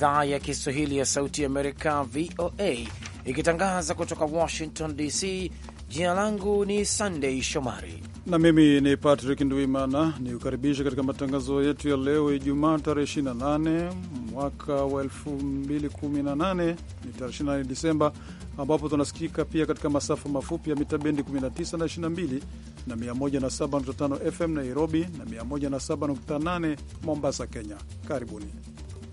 idhaa ya Kiswahili ya Sauti Amerika, VOA, ikitangaza kutoka Washington DC. Jina langu ni Sandey Shomari na mimi ni Patrick Nduimana, ni kukaribisha katika matangazo yetu ya leo Ijumaa tarehe 28 mwaka wa 2018 ni tarehe 28 Disemba, ambapo tunasikika pia katika masafa mafupi ya mita bendi 19 na 22 na 107.5 FM Nairobi na 107.8 Mombasa, Kenya. Karibuni.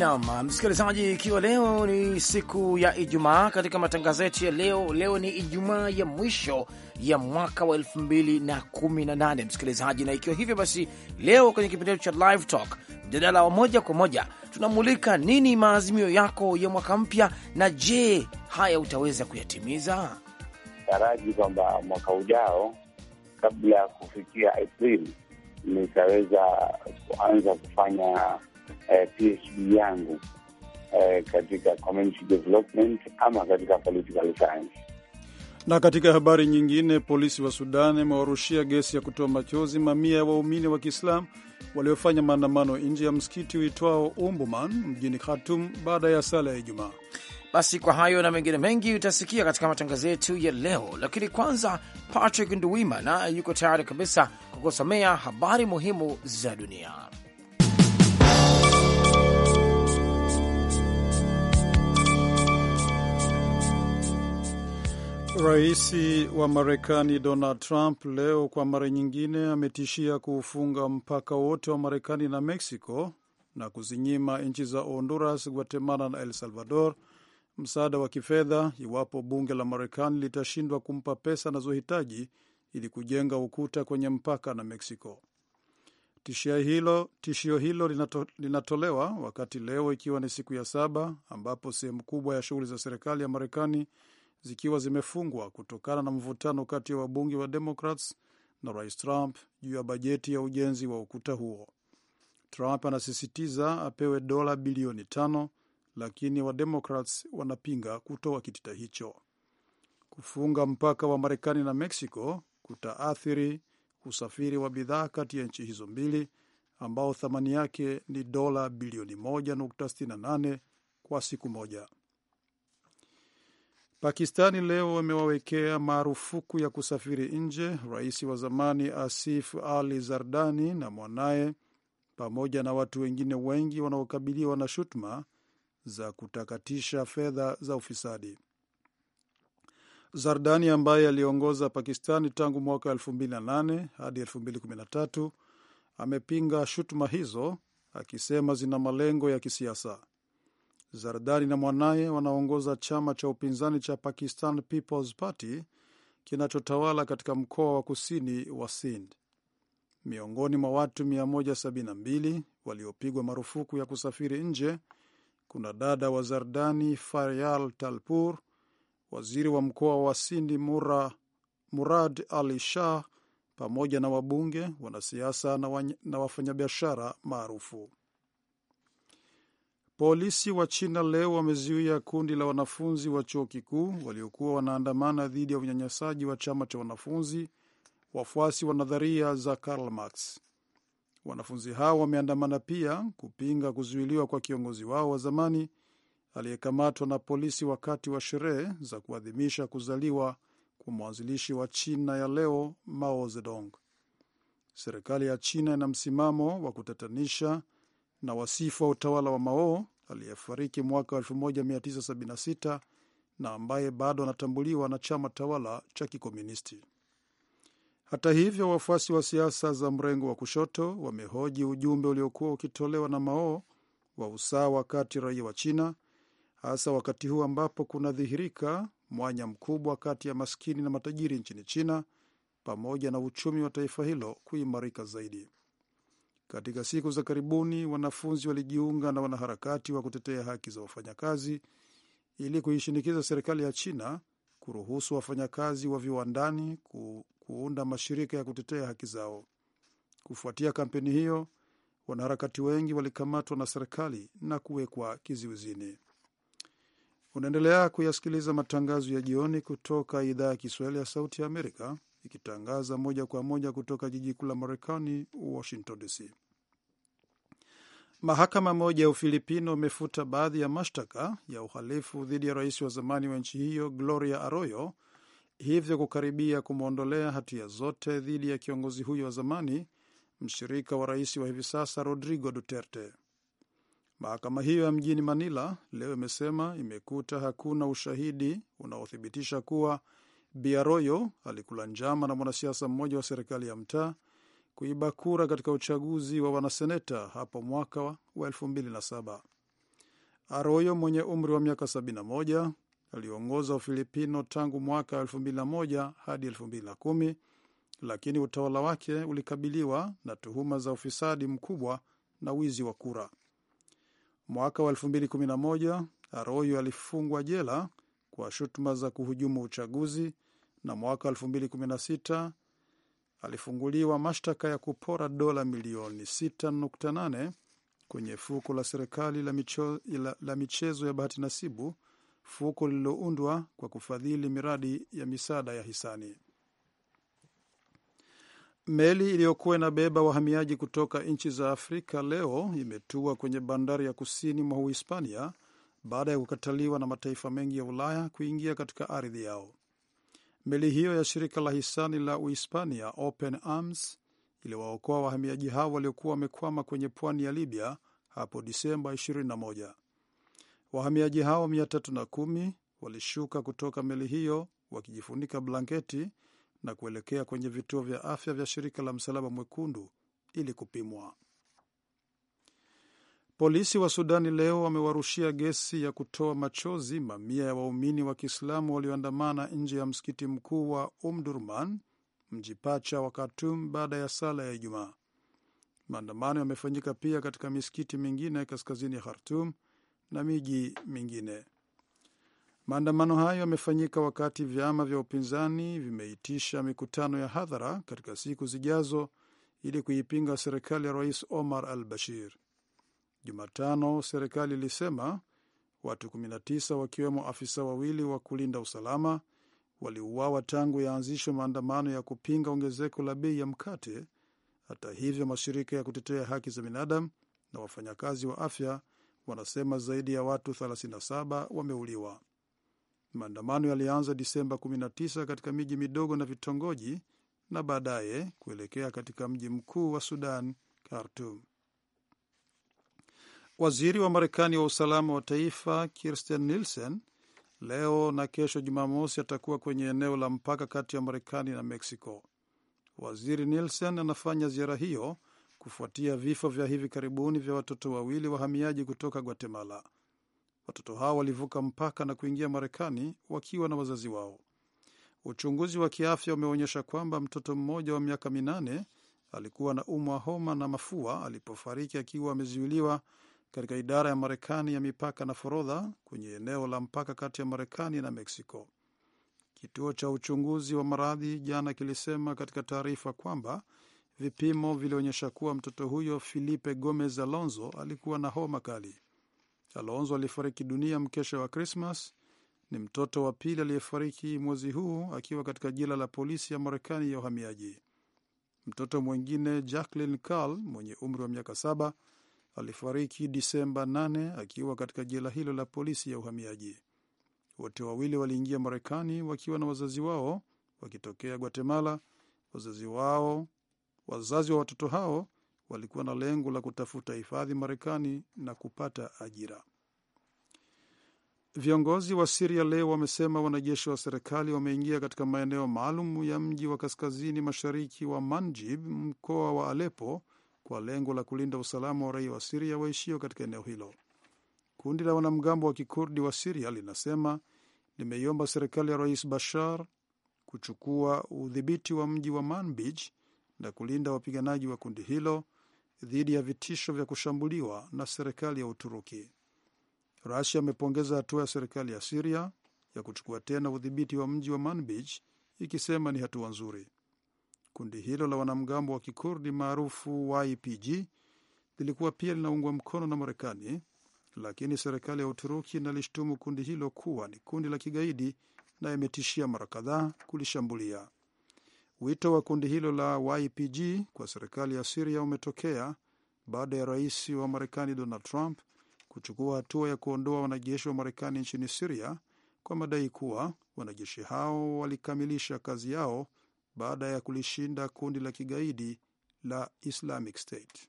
Naam msikilizaji, ikiwa leo ni siku ya Ijumaa, katika matangazo yetu ya leo, leo ni Ijumaa ya mwisho ya mwaka wa elfu mbili na kumi na nane msikilizaji, na ikiwa hivyo basi, leo kwenye kipindi chetu cha Live Talk, mjadala wa moja kwa moja, tunamulika nini maazimio yako ya mwaka mpya, na je, haya utaweza kuyatimiza? Taraji kwamba mwaka ujao kabla ya kufikia Aprili nitaweza kuanza kufanya eh, PhD yangu eh, katika community development ama katika political science. Na katika habari nyingine, polisi wa Sudan imewarushia gesi ya kutoa machozi mamia ya waumini wa Kiislamu waliofanya maandamano nje ya msikiti uitwao Umbuman mjini khatum baada ya sala ya Ijumaa. Basi kwa hayo na mengine mengi utasikia katika matangazo yetu ya leo, lakini kwanza, Patrick Nduwimana yuko tayari kabisa kukusomea habari muhimu za dunia. Rais wa Marekani Donald Trump leo kwa mara nyingine ametishia kuufunga mpaka wote wa Marekani na Mexico na kuzinyima nchi za Honduras, Guatemala na el Salvador msaada wa kifedha iwapo bunge la Marekani litashindwa kumpa pesa anazohitaji ili kujenga ukuta kwenye mpaka na Mexico. Tishio hilo, tishio hilo linato, linatolewa wakati leo ikiwa ni siku ya saba ambapo sehemu kubwa ya shughuli za serikali ya Marekani zikiwa zimefungwa kutokana na mvutano kati ya wabunge wa Democrats na Rais Trump juu ya bajeti ya ujenzi wa ukuta huo. Trump anasisitiza apewe dola bilioni tano, lakini Wademokrats wanapinga kutoa kitita hicho. Kufunga mpaka wa Marekani na Mexico kutaathiri usafiri wa bidhaa kati ya nchi hizo mbili ambao thamani yake ni dola bilioni 1.68 kwa siku moja. Pakistani leo wamewawekea marufuku ya kusafiri nje rais wa zamani Asif Ali Zardani na mwanaye pamoja na watu wengine wengi wanaokabiliwa na shutuma za kutakatisha fedha za ufisadi. Zardani ambaye aliongoza Pakistani tangu mwaka 2008 hadi 2013 amepinga shutuma hizo akisema zina malengo ya kisiasa. Zardari na mwanaye wanaongoza chama cha upinzani cha Pakistan People's Party kinachotawala katika mkoa wa kusini wa Sind. Miongoni mwa watu 172 waliopigwa marufuku ya kusafiri nje kuna dada wa Zardani, Faryal Talpur, waziri wa mkoa wa Sindi Mura, Murad Ali Shah, pamoja na wabunge, wanasiasa na, na wafanyabiashara maarufu. Polisi wa China leo wamezuia kundi la wanafunzi wa chuo kikuu waliokuwa wanaandamana dhidi ya unyanyasaji wa chama cha wanafunzi wafuasi wa nadharia za Karl Marx. Wanafunzi hao wameandamana pia kupinga kuzuiliwa kwa kiongozi wao wa zamani aliyekamatwa na polisi wakati wa sherehe za kuadhimisha kuzaliwa kwa mwanzilishi wa China ya leo Mao Zedong. Serikali ya China ina msimamo wa kutatanisha na wasifu wa utawala wa Mao aliyefariki mwaka 1976 na ambaye bado anatambuliwa na chama tawala cha Kikomunisti. Hata hivyo, wafuasi wa siasa za mrengo wa kushoto wamehoji ujumbe uliokuwa ukitolewa na Mao wa usawa kati raia wa China, hasa wakati huu ambapo kunadhihirika mwanya mkubwa kati ya maskini na matajiri nchini China, pamoja na uchumi wa taifa hilo kuimarika zaidi. Katika siku za karibuni, wanafunzi walijiunga na wanaharakati wa kutetea haki za wafanyakazi ili kuishinikiza serikali ya China kuruhusu wafanyakazi wa viwandani ku, kuunda mashirika ya kutetea haki zao. Kufuatia kampeni hiyo, wanaharakati wengi walikamatwa na serikali na kuwekwa kizuizini. Unaendelea kuyasikiliza matangazo ya jioni kutoka idhaa ya Kiswahili ya Sauti ya Amerika ikitangaza moja kwa moja kutoka jiji kuu la Marekani, Washington DC. Mahakama moja ya Ufilipino imefuta baadhi ya mashtaka ya uhalifu dhidi ya rais wa zamani wa nchi hiyo Gloria Arroyo, hivyo kukaribia kumwondolea hatia zote dhidi ya kiongozi huyo wa zamani, mshirika wa rais wa hivi sasa Rodrigo Duterte. Mahakama hiyo ya mjini Manila leo imesema imekuta hakuna ushahidi unaothibitisha kuwa Biaroyo alikula njama na mwanasiasa mmoja wa serikali ya mtaa kuiba kura katika uchaguzi wa wanaseneta hapo mwaka wa saba. aroyo mwenye umri wa miaka 71 aliongoza Ufilipino tangu mwaka 2001 hadi 2010, lakini utawala wake ulikabiliwa na tuhuma za ufisadi mkubwa na wizi wa kura. Mwaka wa 2011 Aroyo alifungwa jela kwa shutuma za kuhujumu uchaguzi na mwaka 2016 alifunguliwa mashtaka ya kupora dola milioni 6.8 kwenye fuko la serikali la, micho, la, la michezo ya bahati nasibu, fuko lililoundwa kwa kufadhili miradi ya misaada ya hisani. Meli iliyokuwa inabeba wahamiaji kutoka nchi za Afrika leo imetua kwenye bandari ya kusini mwa Uhispania baada ya kukataliwa na mataifa mengi ya Ulaya kuingia katika ardhi yao. Meli hiyo ya shirika la hisani la Uhispania Open Arms iliwaokoa wahamiaji hao waliokuwa wamekwama kwenye pwani ya Libya hapo Disemba 21. Wahamiaji hao 310 walishuka kutoka meli hiyo wakijifunika blanketi na kuelekea kwenye vituo vya afya vya shirika la Msalaba Mwekundu ili kupimwa. Polisi wa Sudani leo wamewarushia gesi ya kutoa machozi mamia ya waumini wa Kiislamu walioandamana nje ya msikiti mkuu wa Umdurman, mji pacha wa Khartoum, baada ya sala ya Ijumaa. Maandamano yamefanyika pia katika misikiti mingine kaskazini ya Khartoum na miji mingine. Maandamano hayo yamefanyika wakati vyama vya upinzani vimeitisha mikutano ya hadhara katika siku zijazo ili kuipinga serikali ya Rais Omar al Bashir. Jumatano serikali ilisema watu 19 wakiwemo afisa wawili wa kulinda usalama waliuawa tangu yaanzishwe maandamano ya kupinga ongezeko la bei ya mkate. Hata hivyo, mashirika ya kutetea haki za binadamu na wafanyakazi wa afya wanasema zaidi ya watu 37 wameuliwa. Maandamano yalianza Disemba 19 katika miji midogo na vitongoji na baadaye kuelekea katika mji mkuu wa Sudan, Khartum. Waziri wa Marekani wa usalama wa taifa Kirsten Nielsen leo na kesho Jumamosi atakuwa kwenye eneo la mpaka kati ya Marekani na Mexico. Waziri Nielsen anafanya ziara hiyo kufuatia vifo vya hivi karibuni vya watoto wawili wahamiaji kutoka Guatemala. Watoto hao walivuka mpaka na kuingia Marekani wakiwa na wazazi wao. Uchunguzi wa kiafya umeonyesha kwamba mtoto mmoja wa miaka minane alikuwa na umwa homa na mafua alipofariki akiwa amezuiliwa katika idara ya Marekani ya mipaka na forodha kwenye eneo la mpaka kati ya Marekani na Meksiko. Kituo cha uchunguzi wa maradhi jana kilisema katika taarifa kwamba vipimo vilionyesha kuwa mtoto huyo Filipe Gomez Alonso alikuwa na homa kali. Alonso alifariki dunia mkesha wa Krismas. Ni mtoto wa pili aliyefariki mwezi huu akiwa katika jela la polisi ya Marekani ya uhamiaji. Mtoto mwingine Jacqueline Carl mwenye umri wa miaka saba alifariki Disemba 8 akiwa katika jela hilo la polisi ya uhamiaji. Wote wawili waliingia Marekani wakiwa na wazazi wao wakitokea Guatemala. Wazazi wao, wazazi wa watoto hao walikuwa na lengo la kutafuta hifadhi Marekani na kupata ajira. Viongozi wa Siria leo wamesema wanajeshi wa serikali wameingia katika maeneo maalum ya mji wa kaskazini mashariki wa Manjib, mkoa wa Alepo, kwa lengo la kulinda usalama wa raia wa Siria waishio katika eneo hilo. Kundi la wanamgambo wa kikurdi wa Siria linasema limeiomba serikali ya Rais Bashar kuchukua udhibiti wa mji wa Manbij na kulinda wapiganaji wa kundi hilo dhidi ya vitisho vya kushambuliwa na serikali ya Uturuki. Rusia amepongeza hatua ya serikali ya Siria ya kuchukua tena udhibiti wa mji wa Manbij ikisema ni hatua nzuri. Kundi hilo la wanamgambo wa kikurdi maarufu YPG lilikuwa pia linaungwa mkono na Marekani, lakini serikali ya Uturuki inalishtumu kundi hilo kuwa ni kundi la kigaidi na imetishia mara kadhaa kulishambulia. Wito wa kundi hilo la YPG kwa serikali ya Siria umetokea baada ya rais wa Marekani Donald Trump kuchukua hatua ya kuondoa wanajeshi wa Marekani nchini Siria kwa madai kuwa wanajeshi hao walikamilisha kazi yao baada ya kulishinda kundi la kigaidi la Islamic State.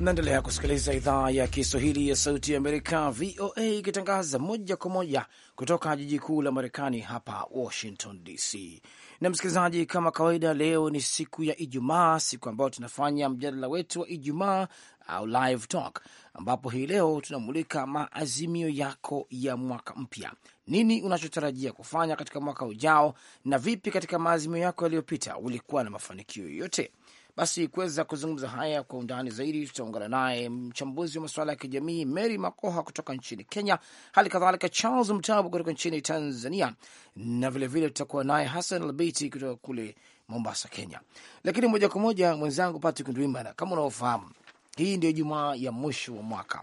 Naendelea kusikiliza idhaa ya Kiswahili ya Sauti ya Amerika, VOA, ikitangaza moja kwa moja kutoka jiji kuu la Marekani, hapa Washington DC. Na msikilizaji, kama kawaida, leo ni siku ya Ijumaa, siku ambayo tunafanya mjadala wetu wa Ijumaa au live talk, ambapo hii leo tunamulika maazimio yako ya mwaka mpya. Nini unachotarajia kufanya katika mwaka ujao, na vipi katika maazimio yako yaliyopita ulikuwa na mafanikio yoyote? Basi kuweza kuzungumza haya kwa undani zaidi, tutaungana naye mchambuzi wa masuala ya kijamii Mary Makoha kutoka nchini Kenya, hali kadhalika Charles Mtabu kutoka nchini Tanzania, na vilevile tutakuwa naye Hassan albeiti kutoka kule Mombasa, Kenya. Lakini moja kwa moja, mwenzangu Patrick Ndwimana, kama unaofahamu, hii ndio Jumaa ya mwisho wa mwaka.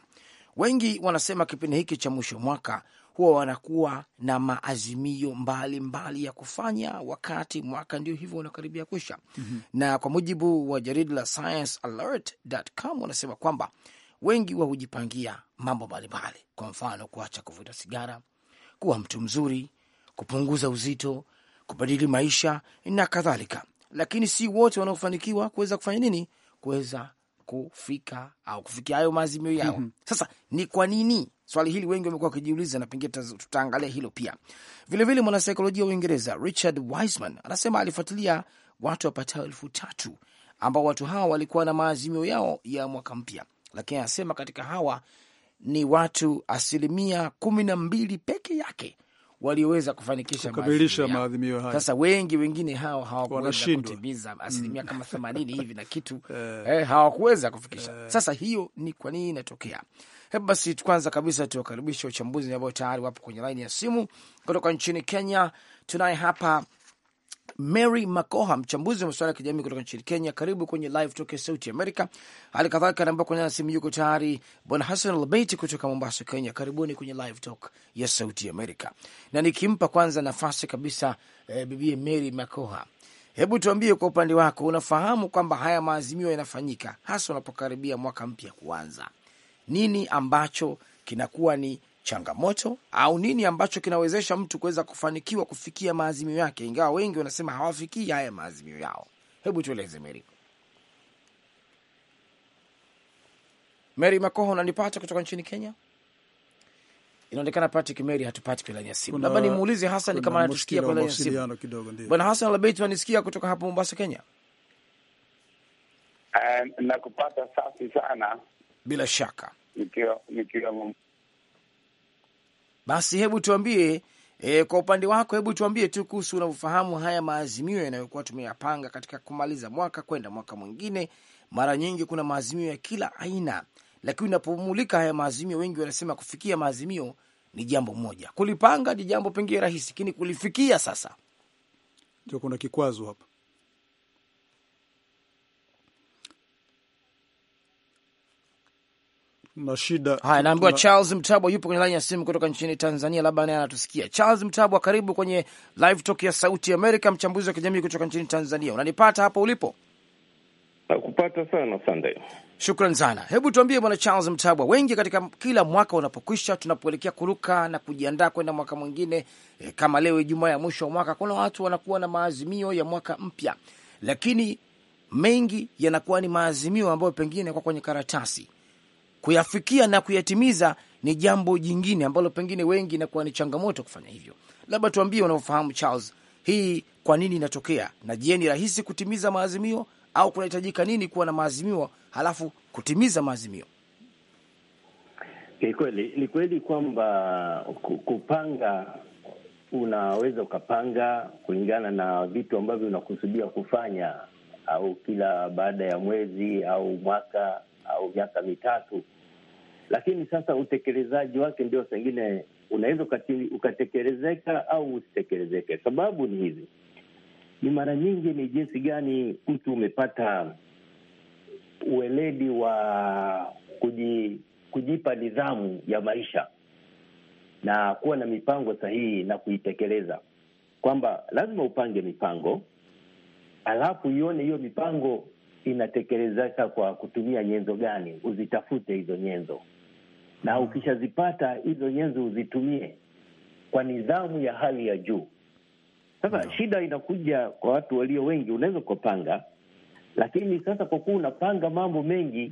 Wengi wanasema kipindi hiki cha mwisho wa mwaka huwa wanakuwa na maazimio mbalimbali mbali ya kufanya wakati mwaka ndio hivyo unakaribia kwisha. mm -hmm. Na kwa mujibu wa jarida la ScienceAlert.com wanasema kwamba wengi wa hujipangia mambo mbalimbali, kwa mfano kuacha kuvuta sigara, kuwa mtu mzuri, kupunguza uzito, kubadili maisha na kadhalika, lakini si wote wanaofanikiwa kuweza kufanya nini, kuweza kufika au kufikia hayo maazimio yao. mm -hmm. Sasa ni kwa nini swali hili wengi wamekuwa wakijiuliza, na pengine tutaangalia hilo pia vilevile. Mwanasaikolojia wa Uingereza Richard Wiseman anasema alifuatilia watu wapatao elfu tatu ambao watu hawa walikuwa na maazimio yao ya mwaka mpya, lakini anasema katika hawa ni watu asilimia kumi na mbili peke yake walioweza kufanikisha kukamilisha maadhimio haya. Sasa wengi wengine hao hawakuweza kutimiza mm. asilimia kama themanini hivi na kitu eh, eh, hawakuweza kufikisha. Eh. Sasa hiyo ni kwa nini inatokea? Hebu basi kwanza kabisa tuwakaribisha uchambuzi ambao tayari wapo kwenye laini ya simu kutoka nchini Kenya. Tunaye hapa Mary Makoha, mchambuzi wa masuala ya kijamii kutoka nchini Kenya. Karibu kwenye live toke Sauti Amerika. Hali kadhalika naomba kuonana simu, yuko tayari Bwana Hassan Albeiti kutoka Mombasa, Kenya. Karibuni kwenye live talk ya Sauti Amerika, na nikimpa kwanza nafasi kabisa eh, bibie Mary Makoha, hebu tuambie kwa upande wako, unafahamu kwamba haya maazimio yanafanyika hasa unapokaribia mwaka mpya kuanza, nini ambacho kinakuwa ni changamoto au nini ambacho kinawezesha mtu kuweza kufanikiwa kufikia maazimio yake, ingawa wengi wanasema hawafikii haya maazimio yao. Hebu tueleze Meri. Mary Makoho, unanipata kutoka nchini Kenya? Inaonekana Patrick Mary hatupati laini ya simu. Labda nimuulize Hasan kama anatusikia laini ya simu. Bwana Hasan Labeit, unanisikia kutoka hapo Mombasa, Kenya? Uh, nakupata safi sana bila shaka nikiwa nikiwa basi hebu tuambie e, kwa upande wako, hebu tuambie tu kuhusu unavyofahamu haya maazimio yanayokuwa tumeyapanga katika kumaliza mwaka kwenda mwaka mwingine. Mara nyingi kuna maazimio ya kila aina, lakini unapomulika haya maazimio, wengi wanasema kufikia maazimio ni jambo moja, kulipanga ni jambo pengine rahisi, lakini kulifikia sasa ndio kuna kikwazo hapa. na shida. Haya, naambiwa tuna... Charles Mtabwa yupo kwenye laini ya simu kutoka nchini Tanzania, labda naye anatusikia. Charles Mtabwa, karibu kwenye live talk ya Sauti Amerika, mchambuzi wa kijamii kutoka nchini Tanzania. Unanipata hapo ulipo? Nakupata sana Sunday. Shukran sana. Hebu tuambie bwana Charles Mtabwa, wengi katika kila mwaka unapokwisha, tunapoelekea kuruka na kujiandaa kwenda mwaka mwingine, e, kama leo Ijumaa ya mwisho wa mwaka, kuna watu wanakuwa na maazimio ya mwaka mpya, lakini mengi yanakuwa ni maazimio ambayo pengine kwa kwenye karatasi kuyafikia na kuyatimiza ni jambo jingine ambalo pengine wengi inakuwa ni changamoto kufanya hivyo. Labda tuambie unaofahamu Charles, hii kwa nini inatokea, na je, ni rahisi kutimiza maazimio au kunahitajika nini kuwa na maazimio halafu kutimiza maazimio? Ni kweli, ni kweli kwamba kupanga, unaweza ukapanga kulingana na vitu ambavyo unakusudia kufanya, au kila baada ya mwezi au mwaka au miaka mitatu, lakini sasa utekelezaji wake ndio sengine unaweza ukatekelezeka au usitekelezeke. Sababu ni hizi, ni mara nyingi ni jinsi gani mtu umepata ueledi wa kuji, kujipa nidhamu ya maisha na kuwa na mipango sahihi na kuitekeleza, kwamba lazima upange mipango alafu ione hiyo mipango inatekelezeka kwa kutumia nyenzo gani, uzitafute hizo nyenzo, na ukishazipata hizo nyenzo uzitumie kwa nidhamu ya hali ya juu. Sasa no. Shida inakuja kwa watu walio wengi, unaweza ukapanga, lakini sasa kwa kuwa unapanga mambo mengi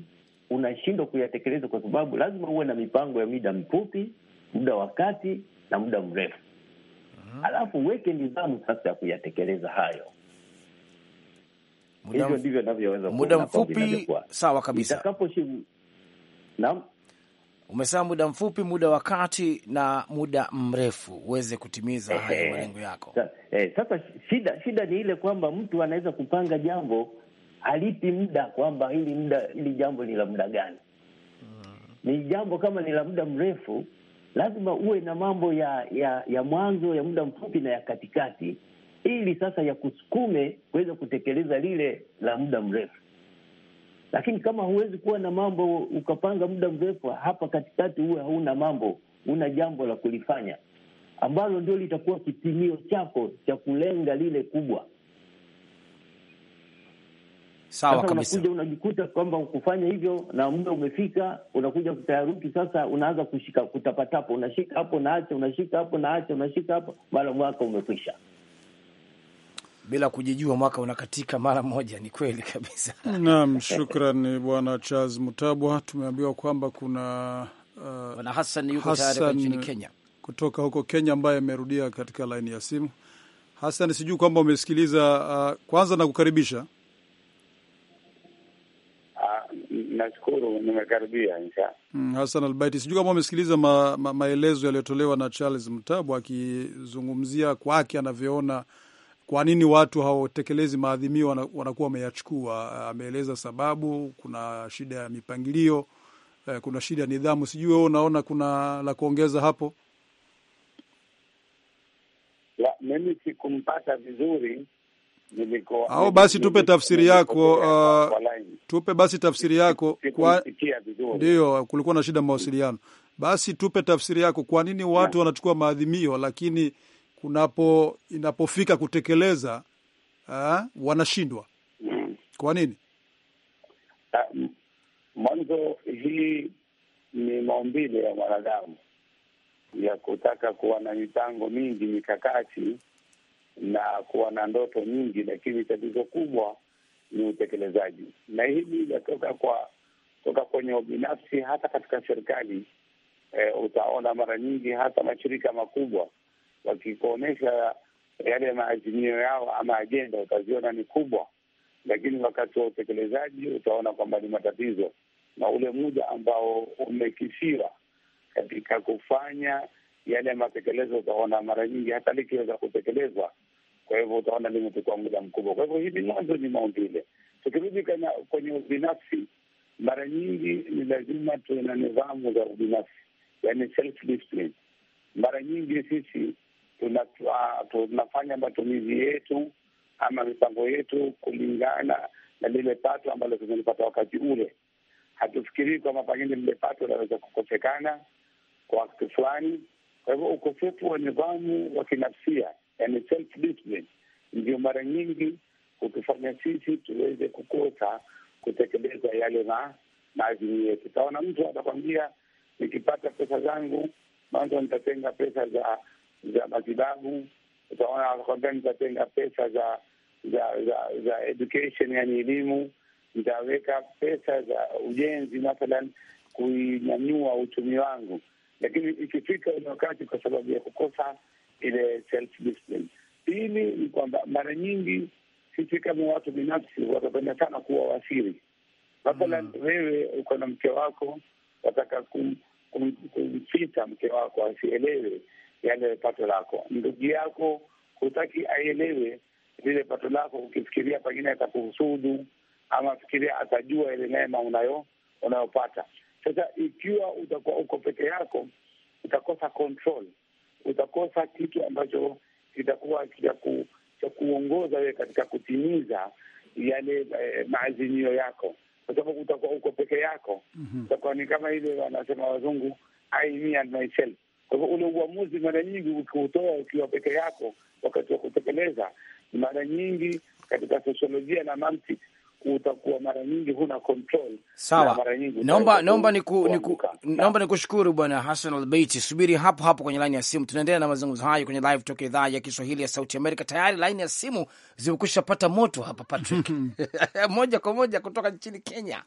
unashindwa kuyatekeleza kwa sababu lazima uwe na mipango ya muda mfupi, muda wa kati na muda mrefu. Mhm. Alafu uweke nidhamu sasa ya kuyatekeleza hayo hivyo ndivyo navyoweza muda mfupi. Sawa kabisa naam umesema muda mfupi, muda wa kati na muda mrefu uweze kutimiza eh, haya eh, malengo yako. Eh, sasa shida shida ni ile kwamba mtu anaweza kupanga jambo halipi muda kwamba hili muda hili jambo ni la muda gani? hmm. Ni jambo kama ni la muda mrefu, lazima uwe na mambo ya ya ya mwanzo ya muda mfupi na ya katikati ili sasa ya kusukume kuweza kutekeleza lile la muda mrefu. Lakini kama huwezi kuwa na mambo ukapanga muda mrefu, hapa katikati huwe hauna mambo, una jambo la kulifanya ambalo ndio litakuwa kitimio chako cha kulenga lile kubwa. Sawa kabisa. Unakuja unajikuta kwamba kufanya hivyo na muda umefika, unakuja kutayaruki sasa, unaanza kushika kutapatapa, unashika hapo naacha, unashika hapo naacha, unashika hapo, mara mwaka umekwisha bila kujijua mwaka unakatika mara moja. Ni kweli kabisa. Naam, shukran Bwana Charles Mutabwa. Tumeambiwa kwamba kuna uh, Bwana Hassan yuko tayari nchini Kenya kutoka huko Kenya, ambaye amerudia katika laini ya simu. Hassan, sijui kwamba umesikiliza uh, kwanza na kukaribisha. Ah, nashukuru, nimekaribia insha. Mm, Hasan Albaiti, sijui kama umesikiliza ma, ma, maelezo yaliyotolewa na Charles mtabwa akizungumzia kwake anavyoona kwa nini watu hawatekelezi maadhimio wanakuwa wameyachukua. Eh, ameeleza sababu, kuna shida ya mipangilio, eh, kuna shida ya nidhamu. Sijui wewe unaona kuna la kuongeza hapo? La, mimi sikumpata vizuri niliko au basi tupe tafsiri yako uh, tupe basi tafsiri yako kwa ndio kulikuwa na shida mawasiliano. Basi tupe tafsiri yako, kwa nini watu wanachukua maadhimio lakini kunapo inapofika kutekeleza aa, wanashindwa hmm. kwa nini? Um, mwanzo hii ni maumbile ya mwanadamu ya kutaka kuwa na mipango mingi mikakati na kuwa na ndoto nyingi, lakini tatizo kubwa ni utekelezaji, na hili inatoka kwa toka kwenye ubinafsi hata katika serikali. E, utaona mara nyingi hata mashirika makubwa wakikuonyesha yale maazimio yao ama ajenda, utaziona ni kubwa, lakini wakati wa utekelezaji utaona kwamba ni matatizo, na ule muda ambao umekisiwa katika kufanya yale matekelezo, utaona mara nyingi hata likiweza kutekelezwa, kwa hivyo utaona limechukua muda mkubwa. Kwa hivyo hili mwanzo ni maumbile. Tukirudi kwenye ubinafsi, mara nyingi ni lazima tuwe na nidhamu za ubinafsi, yani self discipline. Mara nyingi sisi tuna, tunafanya matumizi yetu ama mipango yetu kulingana na lile pato ambalo tumelipata wakati ule. Hatufikirii kwamba pengine lile pato linaweza kukosekana kwa wakati fulani. Kwa hivyo ukosefu wa nidhamu wa kinafsia, yani self discipline, ndio mara nyingi hutufanya sisi tuweze kukosa kutekeleza yale na maazimio yetu. Utaona mtu atakwambia nikipata pesa zangu, mwanzo nitatenga pesa za za matibabu, utaona wanakwambia nitatenga pesa za za za za education, yani elimu, nitaweka pesa za ujenzi, mathalan kuinyanyua uchumi wangu, lakini ikifika ule wakati, kwa sababu ya kukosa ile self discipline. Pili ni kwamba mara nyingi sisi kama watu binafsi watapenda sana kuwa wasiri. Mathalan, mm. wewe uko na mke wako, wataka kumfita kum, mke wako asielewe yale pato lako. Ndugu yako hutaki aelewe lile pato lako, ukifikiria pengine atakuhusudu ama fikiria atajua ile neema unayo unayopata. Sasa ikiwa utakuwa uko peke yako, utakosa control, utakosa kitu ambacho kitakuwa cha kuongoza wewe katika kutimiza yale eh, maazimio yako, kwa sababu utakuwa uko peke yako. mm -hmm. Utakuwa ni kama ile wanasema wazungu I me and myself, kwa hivyo ule uamuzi mara nyingi ukiutoa ukiwa peke yako wakati wa kutekeleza, mara nyingi katika sosiolojia na mantiki utakuwa mara nyingi huna control. Sawa, mara nyingi naomba naomba niku, niku, naomba nikushukuru Bwana Hassan Albeit, Subiri hapo hapo kwenye laini ya simu, tunaendelea na mazungumzo hayo kwenye live toka idhaa ya Kiswahili ya Sauti Amerika. Tayari laini ya simu zimekwisha pata moto hapa Patrick moja kwa moja kutoka nchini Kenya,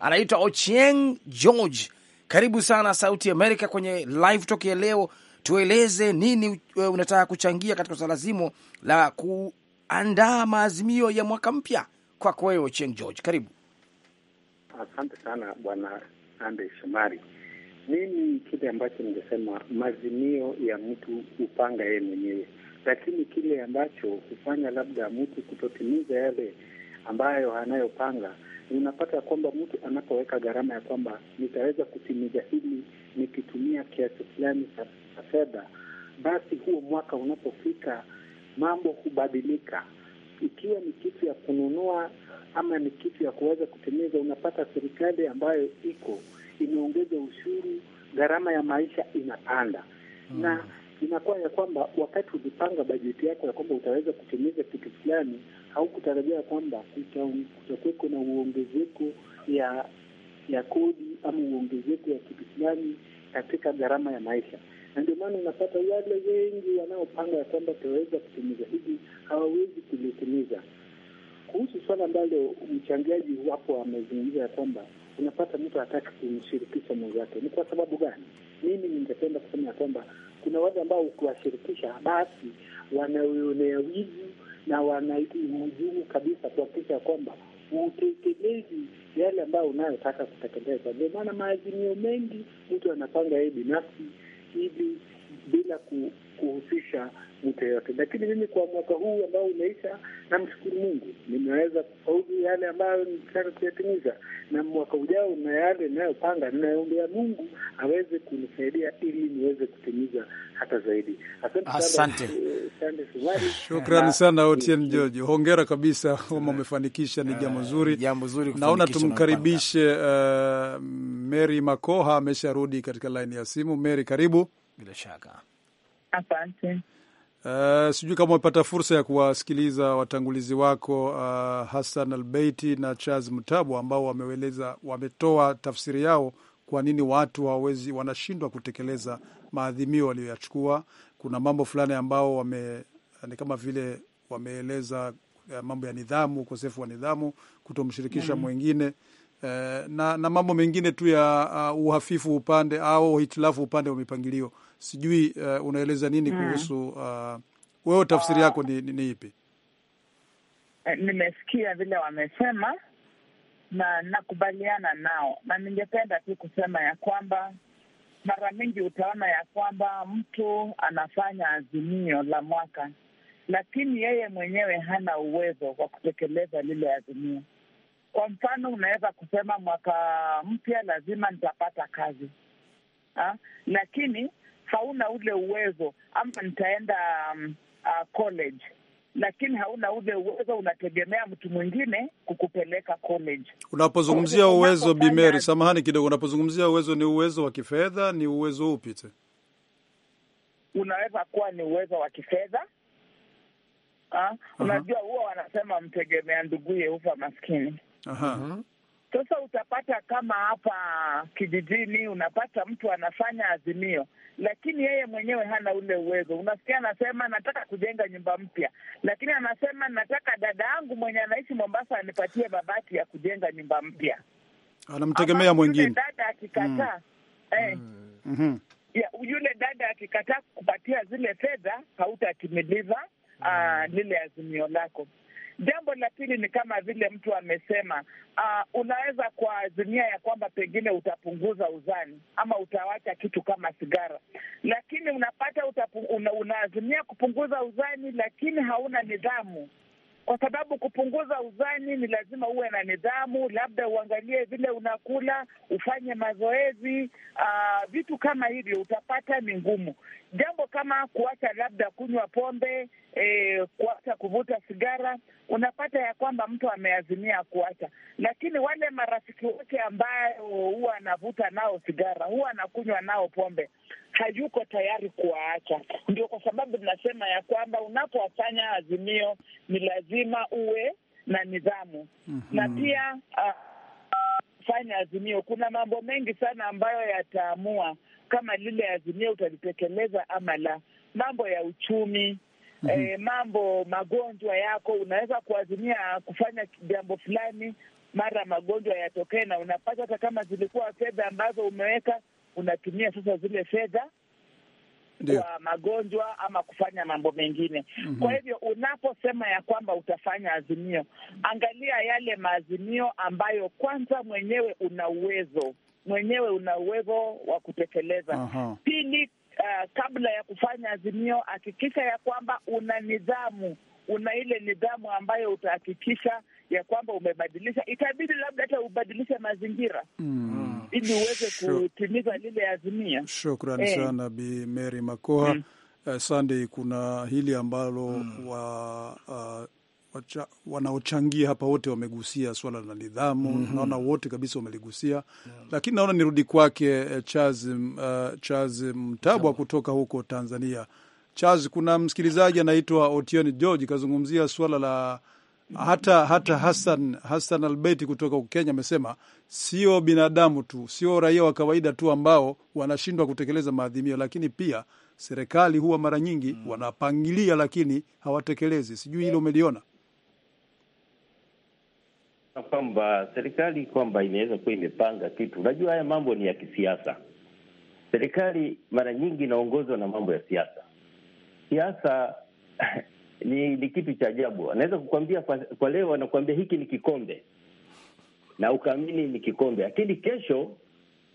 anaitwa Ochieng George karibu sana Sauti Amerika kwenye live talk ya leo. Tueleze nini eh, unataka kuchangia katika swala zimo la kuandaa maazimio ya mwaka mpya. Kwako wewe Ochieng George, karibu. Asante sana bwana Sande Shomari. Mimi kile ambacho ningesema, maazimio ya mtu hupanga yeye mwenyewe, lakini kile ambacho hufanya labda mtu kutotimiza yale ambayo anayopanga unapata ya kwamba mtu anapoweka gharama ya kwamba nitaweza kutimiza hili nikitumia kiasi fulani cha fedha, basi huo mwaka unapofika mambo hubadilika. Ikiwa ni kitu ya kununua ama ni kitu ya kuweza kutimiza, unapata serikali ambayo iko imeongeza ushuru, gharama ya maisha inapanda. mm. Na inakuwa ya kwamba wakati ulipanga bajeti yako ya kwamba utaweza kutimiza kitu fulani, haukutarajia kwamba kutakuweko na uongezeko ya ya kodi ama uongezeko ya kitu fulani katika gharama ya maisha, na ndio maana unapata wale wengi wanaopanga ya kwamba tutaweza kutimiza hivi hawawezi kulitimiza. Kuhusu swala ambalo mchangiaji wapo amezungumza ya kwamba unapata mtu hataki kumshirikisha mwenzake, ni kwa sababu gani? Mimi ningependa kusema ya kwamba kuna wale ambao ukiwashirikisha basi wanaonea wivu na wanahujumu kabisa kuhakikisha kwamba utekelezi yale ambayo unayotaka kutekeleza. Ndio maana maazimio mengi mtu anapanga yeye binafsi, ili bila ku kuhusisha mtu yote. Lakini mimi kwa mwaka huu ambao umeisha, namshukuru Mungu nimeweza kufaulu yale ambayo nitaka kuyatimiza, na mwaka ujao na yale inayopanga, ninaombea Mungu aweze kunisaidia ili niweze kutimiza hata zaidi. Asante, asante shukrani sana Otieno Jojo, hongera kabisa, ama umefanikisha ni jambo ah, zuri, jambo zuri. Naona tumkaribishe uh, Mary Makoha amesharudi katika laini ya simu. Mary, karibu. Bila shaka Asante. Uh, sijui kama umepata fursa ya kuwasikiliza watangulizi wako uh, Hassan Albeiti na Charles mtabu ambao wameeleza, wametoa tafsiri yao kwa nini watu hawawezi, wanashindwa kutekeleza maadhimio waliyoyachukua. Kuna mambo fulani ambao wame, ni kama vile wameeleza eh, mambo ya nidhamu, ukosefu wa nidhamu, kutomshirikisha mm -hmm. uh, na, na mambo mengine tu ya uh, uhafifu upande au hitilafu upande wa mipangilio sijui uh, unaeleza nini hmm. kuhusu uh, wewe tafsiri yako ni, ni, ni ipi? Eh, nimesikia vile wamesema na nakubaliana nao, na ningependa tu kusema ya kwamba mara mingi utaona ya kwamba mtu anafanya azimio la mwaka, lakini yeye mwenyewe hana uwezo wa kutekeleza lile azimio. Kwa mfano, unaweza kusema mwaka mpya lazima nitapata kazi ha? Ah, lakini hauna ule uwezo ama nitaenda um, uh, college lakini hauna ule uwezo, unategemea mtu mwingine kukupeleka college. Unapozungumzia uwezo, Bimeri, samahani kidogo, unapozungumzia uwezo, ni uwezo wa kifedha, ni uwezo upi? Unaweza kuwa ni uwezo wa kifedha. Ah, unajua, huwa wanasema mtegemea nduguye hufa maskini. Aha. Mhm. Sasa utapata kama hapa kijijini, unapata mtu anafanya azimio, lakini yeye mwenyewe hana ule uwezo. Unasikia anasema nataka kujenga nyumba mpya, lakini anasema nataka dada yangu mwenye anaishi Mombasa anipatie mabati ya kujenga nyumba mpya, anamtegemea mwingine. Dada akikataa, mm. eh, mm -hmm. yule dada akikataa kupatia zile fedha, hautatimiliza ah, mm. lile azimio lako. Jambo la pili ni kama vile mtu amesema, uh, unaweza kwa azimia ya kwamba pengine utapunguza uzani ama utawacha kitu kama sigara, lakini unapata una, unaazimia kupunguza uzani, lakini hauna nidhamu kwa sababu kupunguza uzani ni lazima uwe na nidhamu, labda uangalie vile unakula, ufanye mazoezi, uh, vitu kama hivyo utapata ni ngumu jambo kama kuacha labda kunywa pombe e, kuacha kuvuta sigara, unapata ya kwamba mtu ameazimia kuacha, lakini wale marafiki wake ambayo huwa anavuta nao sigara, huwa anakunywa nao pombe, hayuko tayari kuwaacha. Ndio kwa sababu tunasema ya kwamba unapofanya azimio ni lazima uwe na nidhamu mm -hmm. na pia uh, fanya azimio. Kuna mambo mengi sana ambayo yataamua kama lile azimio utalitekeleza ama la. Mambo ya uchumi mm -hmm. E, mambo magonjwa yako, unaweza kuazimia kufanya jambo fulani, mara magonjwa yatokee, na unapata hata kama zilikuwa fedha ambazo umeweka, unatumia sasa zile fedha kwa magonjwa ama kufanya mambo mengine. mm -hmm. Kwa hivyo unaposema ya kwamba utafanya azimio, angalia yale maazimio ambayo kwanza mwenyewe una uwezo mwenyewe una uwezo wa kutekeleza. Pili, uh, kabla ya kufanya azimio, hakikisha ya kwamba una nidhamu, una ile nidhamu ambayo utahakikisha ya kwamba umebadilisha. Itabidi labda hata ubadilishe mazingira mm. ili uweze kutimiza lile azimia Shukrani eh, sana Bi Mary Makoha. Mm. Uh, Sunday, kuna hili ambalo mm. wa uh, wacha, wanaochangia hapa wote wamegusia swala la nidhamu mm -hmm. Naona wote kabisa wameligusia yeah. Lakini naona nirudi kwake eh, Charles uh, Charles Mtabwa kutoka huko Tanzania. Charles, kuna msikilizaji anaitwa Otieno George kazungumzia swala la hata hata Hassan, Hassan Albeti kutoka Kenya amesema sio binadamu tu, sio raia wa kawaida tu ambao wanashindwa kutekeleza maadhimio, lakini pia serikali huwa mara nyingi mm. wanapangilia, lakini hawatekelezi. Sijui hilo umeliona? kwamba serikali kwamba inaweza kuwa imepanga kitu. Unajua, haya mambo ni ya kisiasa. Serikali mara nyingi inaongozwa na mambo ya siasa. Siasa ni, ni kitu cha ajabu. Anaweza kukwambia kwa, kwa leo anakuambia hiki ni kikombe na ukaamini ni kikombe, lakini kesho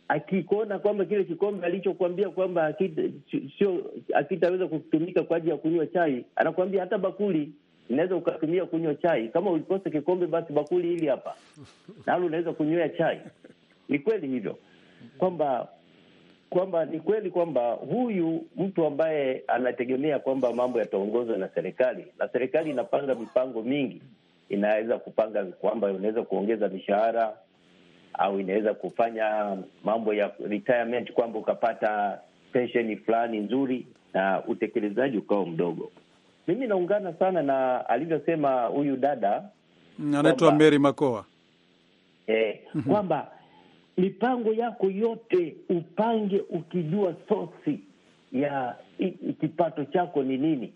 akikuona kwamba kile kikombe alichokwambia kwamba akitaweza kutumika kwa ajili ya kunywa chai, anakuambia hata bakuli unaweza ukatumia kunywa chai. Kama ulikosa kikombe, basi bakuli hili hapa nalo unaweza kunywea chai. Ni kweli hivyo kwamba kwamba ni kweli kwamba huyu mtu ambaye anategemea kwamba mambo yataongozwa na serikali na serikali inapanga mipango mingi, inaweza kupanga kwamba unaweza kuongeza mishahara au inaweza kufanya mambo ya retirement, kwamba ukapata pensheni fulani nzuri na utekelezaji ukawa mdogo. Mimi naungana sana na alivyosema huyu dada mm, anaitwa Mary Makoa eh, mhm. kwamba mipango yako yote upange ukijua sosi ya kipato chako ni nini,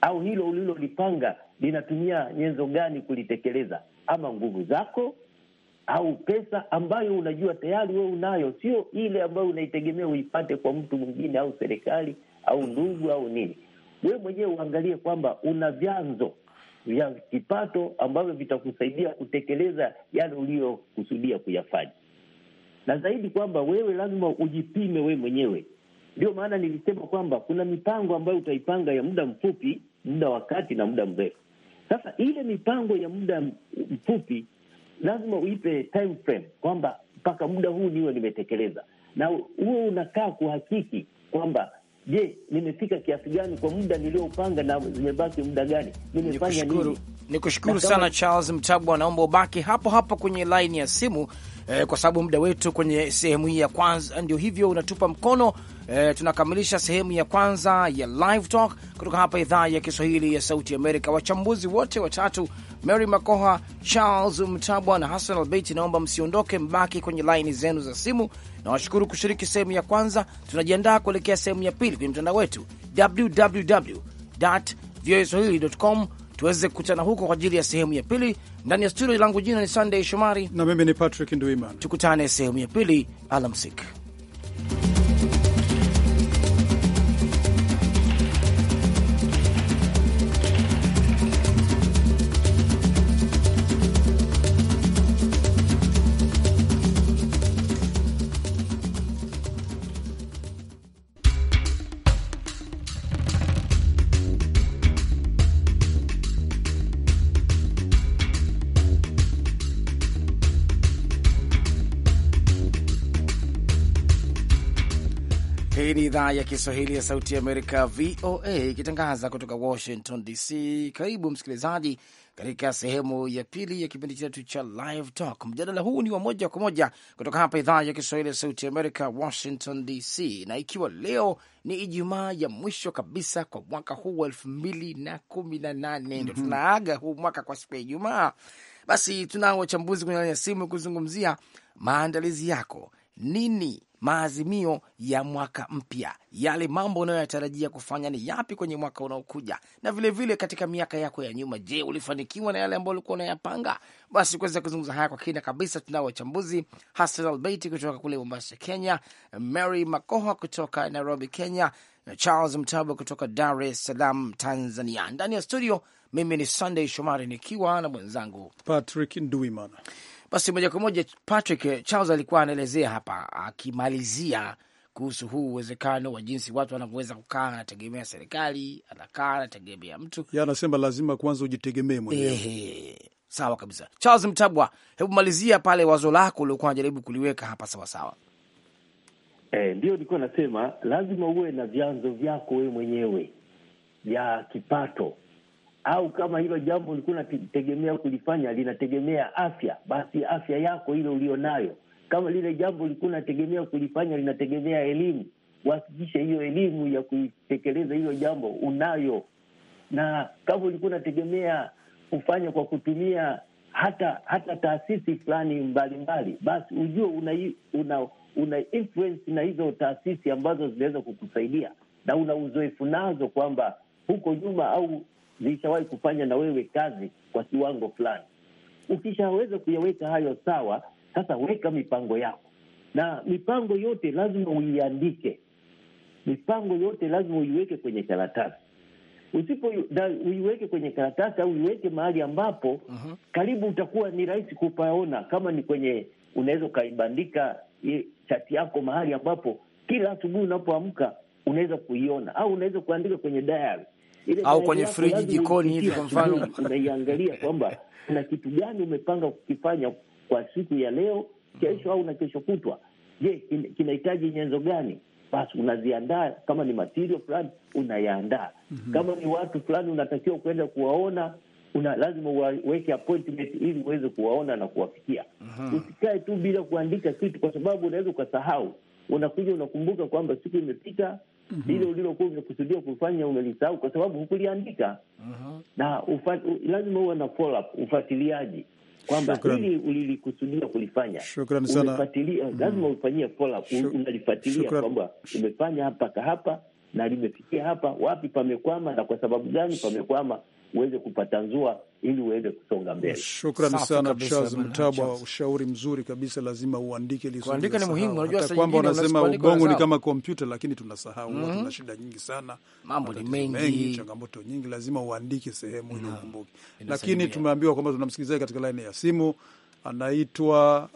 au hilo ulilolipanga linatumia nyenzo gani kulitekeleza, ama nguvu zako au pesa ambayo unajua tayari wewe unayo, sio ile ambayo unaitegemea uipate kwa mtu mwingine au serikali au ndugu au nini we mwenyewe uangalie kwamba una vyanzo vya kipato ambavyo vitakusaidia kutekeleza yale uliyokusudia kuyafanya, na zaidi kwamba wewe lazima ujipime wewe mwenyewe. Ndio maana nilisema kwamba kuna mipango ambayo utaipanga ya muda mfupi, muda wa kati na muda mrefu. Sasa ile mipango ya muda mfupi lazima uipe time frame kwamba mpaka muda huu niwe nimetekeleza, na huo unakaa kuhakiki kwamba Je, nimefika kiasi gani kwa muda niliopanga na zimebaki muda gani? Nimefanya nini? Ni kushukuru sana Charles Mtabwa, naomba ubaki hapo hapo kwenye laini ya simu eh, kwa sababu muda wetu kwenye sehemu hii ya kwanza ndio hivyo unatupa mkono eh, tunakamilisha sehemu ya kwanza ya Live Talk kutoka hapa idhaa ya Kiswahili ya Sauti Amerika. Wachambuzi wote watatu Mary Makoha, Charles Mtabwa na Hassan Albeit. Naomba msiondoke, mbaki kwenye laini zenu za simu. Nawashukuru kushiriki sehemu ya kwanza. Tunajiandaa kuelekea sehemu ya pili kwenye mtandao wetu www voa tuweze kukutana huko kwa ajili ya sehemu ya pili ndani ya studio. Langu jina ni sandey Shomari na mimi ni Patrick Nduiman. Tukutane sehemu ya pili. Alamsik. Hii ni idhaa ya Kiswahili ya Sauti Amerika, VOA, ikitangaza kutoka Washington DC. Karibu msikilizaji, katika sehemu ya pili ya kipindi chetu cha Live Talk. Mjadala huu ni wa moja kwa moja kutoka hapa idhaa ya Kiswahili ya Sauti Amerika, Washington DC, na ikiwa leo ni Ijumaa ya mwisho kabisa kwa mwaka huu wa elfu mbili na kumi na nane ndo mhm. tunaaga huu mwaka kwa siku ya Ijumaa, basi tunao wachambuzi kwenye laini ya simu kuzungumzia maandalizi yako nini maazimio ya mwaka mpya, yale mambo unayoyatarajia kufanya ni yapi kwenye mwaka unaokuja, na vilevile vile katika miaka yako ya nyuma. Je, ulifanikiwa na yale ambayo ulikuwa unayapanga? Basi kuweza kuzungumza haya kwa kina kabisa, tunao wachambuzi Hasan Albeit kutoka kule Mombasa, Kenya, Mary Makoha kutoka Nairobi, Kenya, na Charles Mtaba kutoka Dar es Salaam, Tanzania. Ndani ya studio, mimi ni Sunday Shomari nikiwa na mwenzangu Patrick Nduimana. Basi moja kwa moja Patrick Charles alikuwa anaelezea hapa akimalizia kuhusu huu uwezekano wa jinsi watu wanavyoweza kukaa, anategemea serikali, anakaa anategemea mtu, anasema lazima kwanza ujitegemee mwenyewe. Sawa kabisa, Charles Mtabwa, hebu malizia pale wazo lako uliokuwa anajaribu kuliweka hapa. Sawasawa, eh, ndio e, nilikuwa nasema lazima uwe na vyanzo vyako wewe mwenyewe vya kipato au kama hilo jambo ulikuwa unategemea kulifanya linategemea afya, basi afya yako ile ulio nayo Kama lile jambo ulikuwa unategemea kulifanya linategemea elimu, uhakikishe hiyo elimu ya kuitekeleza hilo jambo unayo. Na kama ulikuwa unategemea kufanya kwa kutumia hata hata taasisi fulani mbalimbali, basi ujue una, una, una influence na hizo taasisi ambazo zinaweza kukusaidia na una uzoefu nazo kwamba huko nyuma au zishawahi kufanya na wewe kazi kwa kiwango fulani. Ukishaweza kuyaweka hayo sawa, sasa weka mipango yako, na mipango yote lazima uiandike. Mipango yote lazima uiweke kwenye karatasi. Usipo uiweke kwenye karatasi au uiweke mahali ambapo uh mhm. -huh. karibu utakuwa ni rahisi kupaona, kama ni kwenye, unaweza ukaibandika chati yako mahali ambapo kila asubuhi unapoamka unaweza kuiona, au unaweza kuandika kwenye diary au kwenye friji jikoni hivi, kwa mfano unaiangalia kwamba kuna kitu gani umepanga kukifanya kwa siku ya leo, kesho au na kesho kutwa. Je, kinahitaji nyenzo gani? Basi unaziandaa. Kama ni material fulani unayaandaa. mm -hmm. Kama ni watu fulani unatakiwa kuenda kuwaona, una lazima uweke appointment ili uweze kuwaona na kuwafikia. mm -hmm. Usikae tu bila kuandika kitu, kwa sababu unaweza ukasahau. Unakuja unakumbuka kwamba siku imepita, mm -hmm. Lile ulilokuwa umekusudia kufanya umelisahau kwa sababu hukuliandika. uh mhm. -huh. Na ufa, lazima uwe na follow up, ufuatiliaji kwamba hili ulilikusudia kulifanya. Shukrani sana. Umefuatilia, mhm. lazima ufanyie follow up, unalifuatilia kwamba umefanya hapa hapa na limefikia hapa, wapi pamekwama na kwa sababu gani pamekwama uweze kupata nzua ili uweze kusonga mbele. Shukrani sana Charles Mtabwa, ushauri mzuri kabisa, lazima uandike. Kuandika ni muhimu, unajua sasa kwamba wanasema ubongo ni kama kompyuta, lakini tunasahau. mm -hmm. Tuna mhm. shida nyingi sana, mambo ni mengi, mengi, changamoto nyingi, lazima uandike sehemu ili ukumbuke. Lakini tumeambiwa kwamba tunamsikilizaji katika laini ya simu anaitwa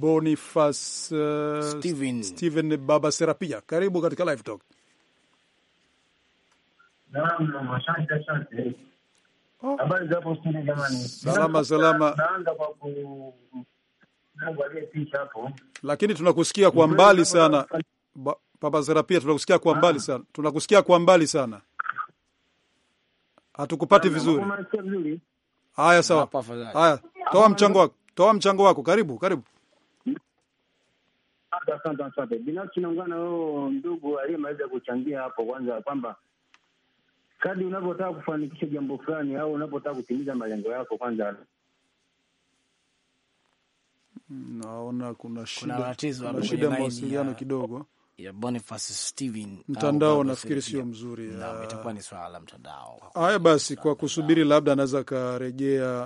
Boniface uh, Steven, Steven Baba Serapia, karibu katika Live Talk. Naam, asante asante. Habari za hapo studio jamani. Salama salama. Naanza kwa ku Mungu hapo. Lakini tunakusikia kwa mbali sana. Baba Serapia tunakusikia kwa ah. mbali sana. Tunakusikia kwa mbali sana. Hatukupati vizuri. Haya sawa. Haya, toa mchango wako. Toa mchango wako. Karibu, karibu. Asante, asante. Binafsi naungana na ndugu aliyemaliza kuchangia hapo kwanza kwamba kadi unavyotaka kufanikisha jambo fulani au unapotaka kutimiza malengo yako kwanza naona kuna shida, shida mawasiliano kidogo ya Boniface Steven, mtandao nafikiri sio mzuri. Itakuwa ni swala la mtandao. Haya basi, kwa kusubiri labda anaweza akarejea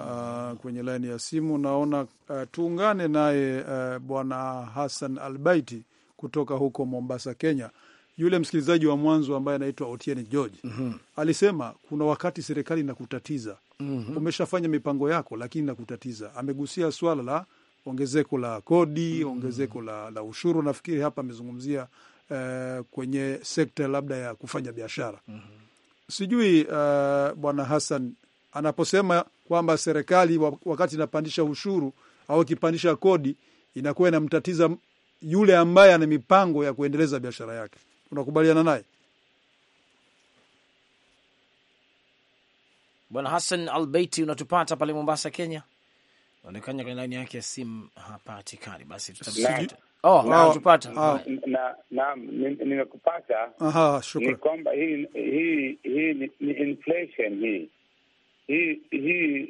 uh, kwenye laini ya simu. Naona uh, tuungane naye uh, bwana Hassan Albaiti kutoka huko Mombasa, Kenya yule msikilizaji wa mwanzo ambaye anaitwa Otieno George mm -hmm. alisema kuna wakati serikali inakutatiza mm -hmm. umeshafanya mipango yako, lakini inakutatiza. Amegusia swala la ongezeko la kodi mm -hmm. ongezeko la, la ushuru. Nafikiri hapa amezungumzia uh, kwenye sekta labda ya kufanya biashara mm -hmm. sijui uh, bwana Hassan anaposema kwamba serikali wakati inapandisha ushuru au ikipandisha kodi inakuwa inamtatiza yule ambaye ana mipango ya kuendeleza biashara yake. Unakubaliana naye Bwana Hassan Albeiti? Unatupata pale Mombasa, Kenya? Naonekana kwenye laini yake ya simu hapatikani. Basi tutapata oh, ah, ah. naam, nimekupata. Ni kwamba hii hii hii ni inflation hii hii hii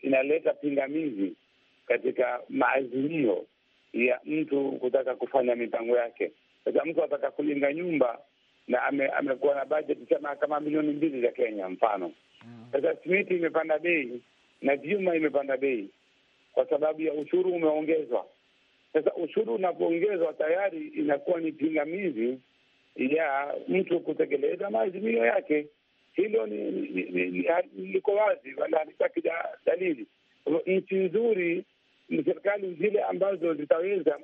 inaleta pingamizi katika maazimio ya mtu kutaka kufanya mipango yake. Sasa mtu ataka kujenga nyumba na amekuwa ame na bajeti sema kama milioni mbili za Kenya mfano. Hmm. Sasa simiti imepanda bei na vyuma imepanda bei kwa sababu ya ushuru umeongezwa. Sasa ushuru unapoongezwa, tayari inakuwa ni pingamizi ya mtu kutekeleza maazimio yake. Hilo ni liko wazi, wala halitaki dalili. Nchi nzuri ni serikali zile ambazo zitaweza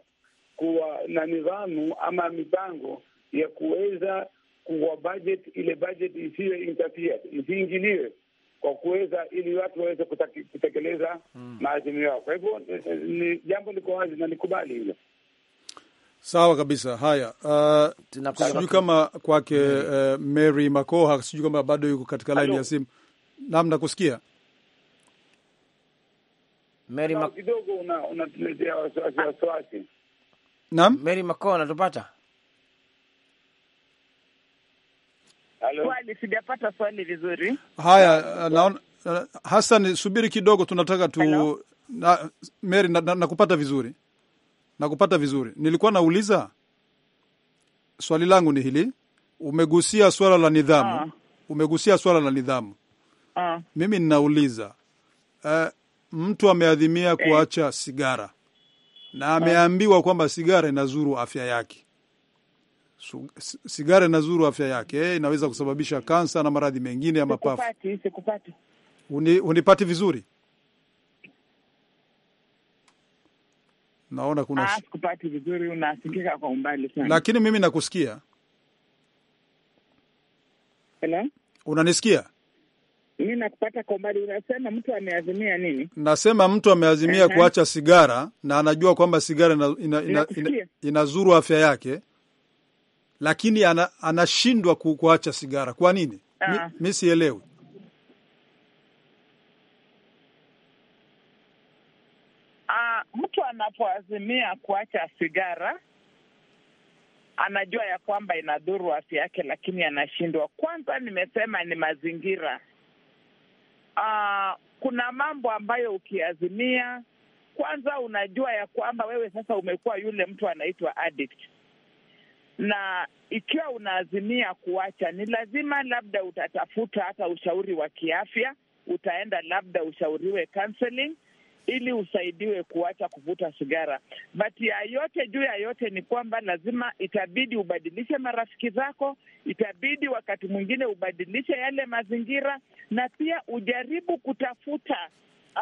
kuwa na nidhamu ama mipango ya kuweza kuwa budget, ile budget isiyo interfere, isiingiliwe kwa kuweza ili watu waweze kutekeleza mm, maazimio yao. Kwa hivyo eh, eh, ni jambo liko wazi na nikubali hilo. Sawa kabisa. Haya, uh, sijui kama kwake uh, Mary Makoha, sijui kama bado yuko katika laini ya simu. Naam, nakusikia. Mary Mac... kidogo unatuletea wasiwasi wasiwasi. Naam, Mary Maco, unatupata? Swali sijapata swali vizuri. Haya, eh, naona eh, Hassan, subiri kidogo, tunataka tu Na, Mary nakupata na, na vizuri nakupata vizuri. Nilikuwa nauliza swali langu ni hili, umegusia swala la nidhamu. Aa. Ah. Umegusia swala la nidhamu. Aa. Ah. Mimi ninauliza uh, mtu ameadhimia eh. kuacha sigara na eh. ameambiwa kwamba sigara inazuru afya yake, sigara inazuru afya yake, eh, inaweza kusababisha kansa na maradhi mengine ya mapafu. Unipati hunipati vizuri? Naona kuna ah, sikupati vizuri, unasikika kwa umbali sana, lakini mimi nakusikia. Hello, unanisikia? Mi nakupata kwa mbali. Unasema mtu ameazimia nini? Nasema mtu ameazimia uh-huh, kuacha sigara na anajua kwamba sigara ina, ina, ina, ina, inazuru afya yake, lakini ana, anashindwa ku, kuacha sigara. Kwa nini? Uh-huh. Mi, sielewi. Ah, mtu anapoazimia kuacha sigara anajua ya kwamba inadhuru afya yake, lakini anashindwa. Kwanza nimesema ni mazingira uh, kuna mambo ambayo ukiazimia, kwanza unajua ya kwamba wewe sasa umekuwa yule mtu anaitwa addict, na ikiwa unaazimia kuacha, ni lazima labda utatafuta hata ushauri wa kiafya, utaenda labda ushauriwe counseling ili usaidiwe kuacha kuvuta sigara. But ya yote juu ya yote ni kwamba lazima itabidi ubadilishe marafiki zako, itabidi wakati mwingine ubadilishe yale mazingira, na pia ujaribu kutafuta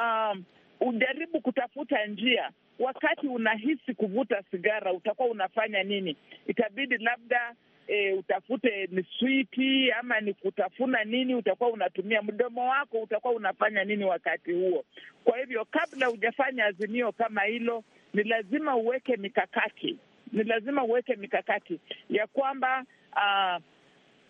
um, ujaribu kutafuta njia. Wakati unahisi kuvuta sigara, utakuwa unafanya nini? Itabidi labda e, utafute ni switi ama ni kutafuna nini, utakuwa unatumia mdomo wako, utakuwa unafanya nini wakati huo. Kwa hivyo kabla hujafanya azimio kama hilo, ni lazima uweke mikakati, ni lazima uweke mikakati ya kwamba uh,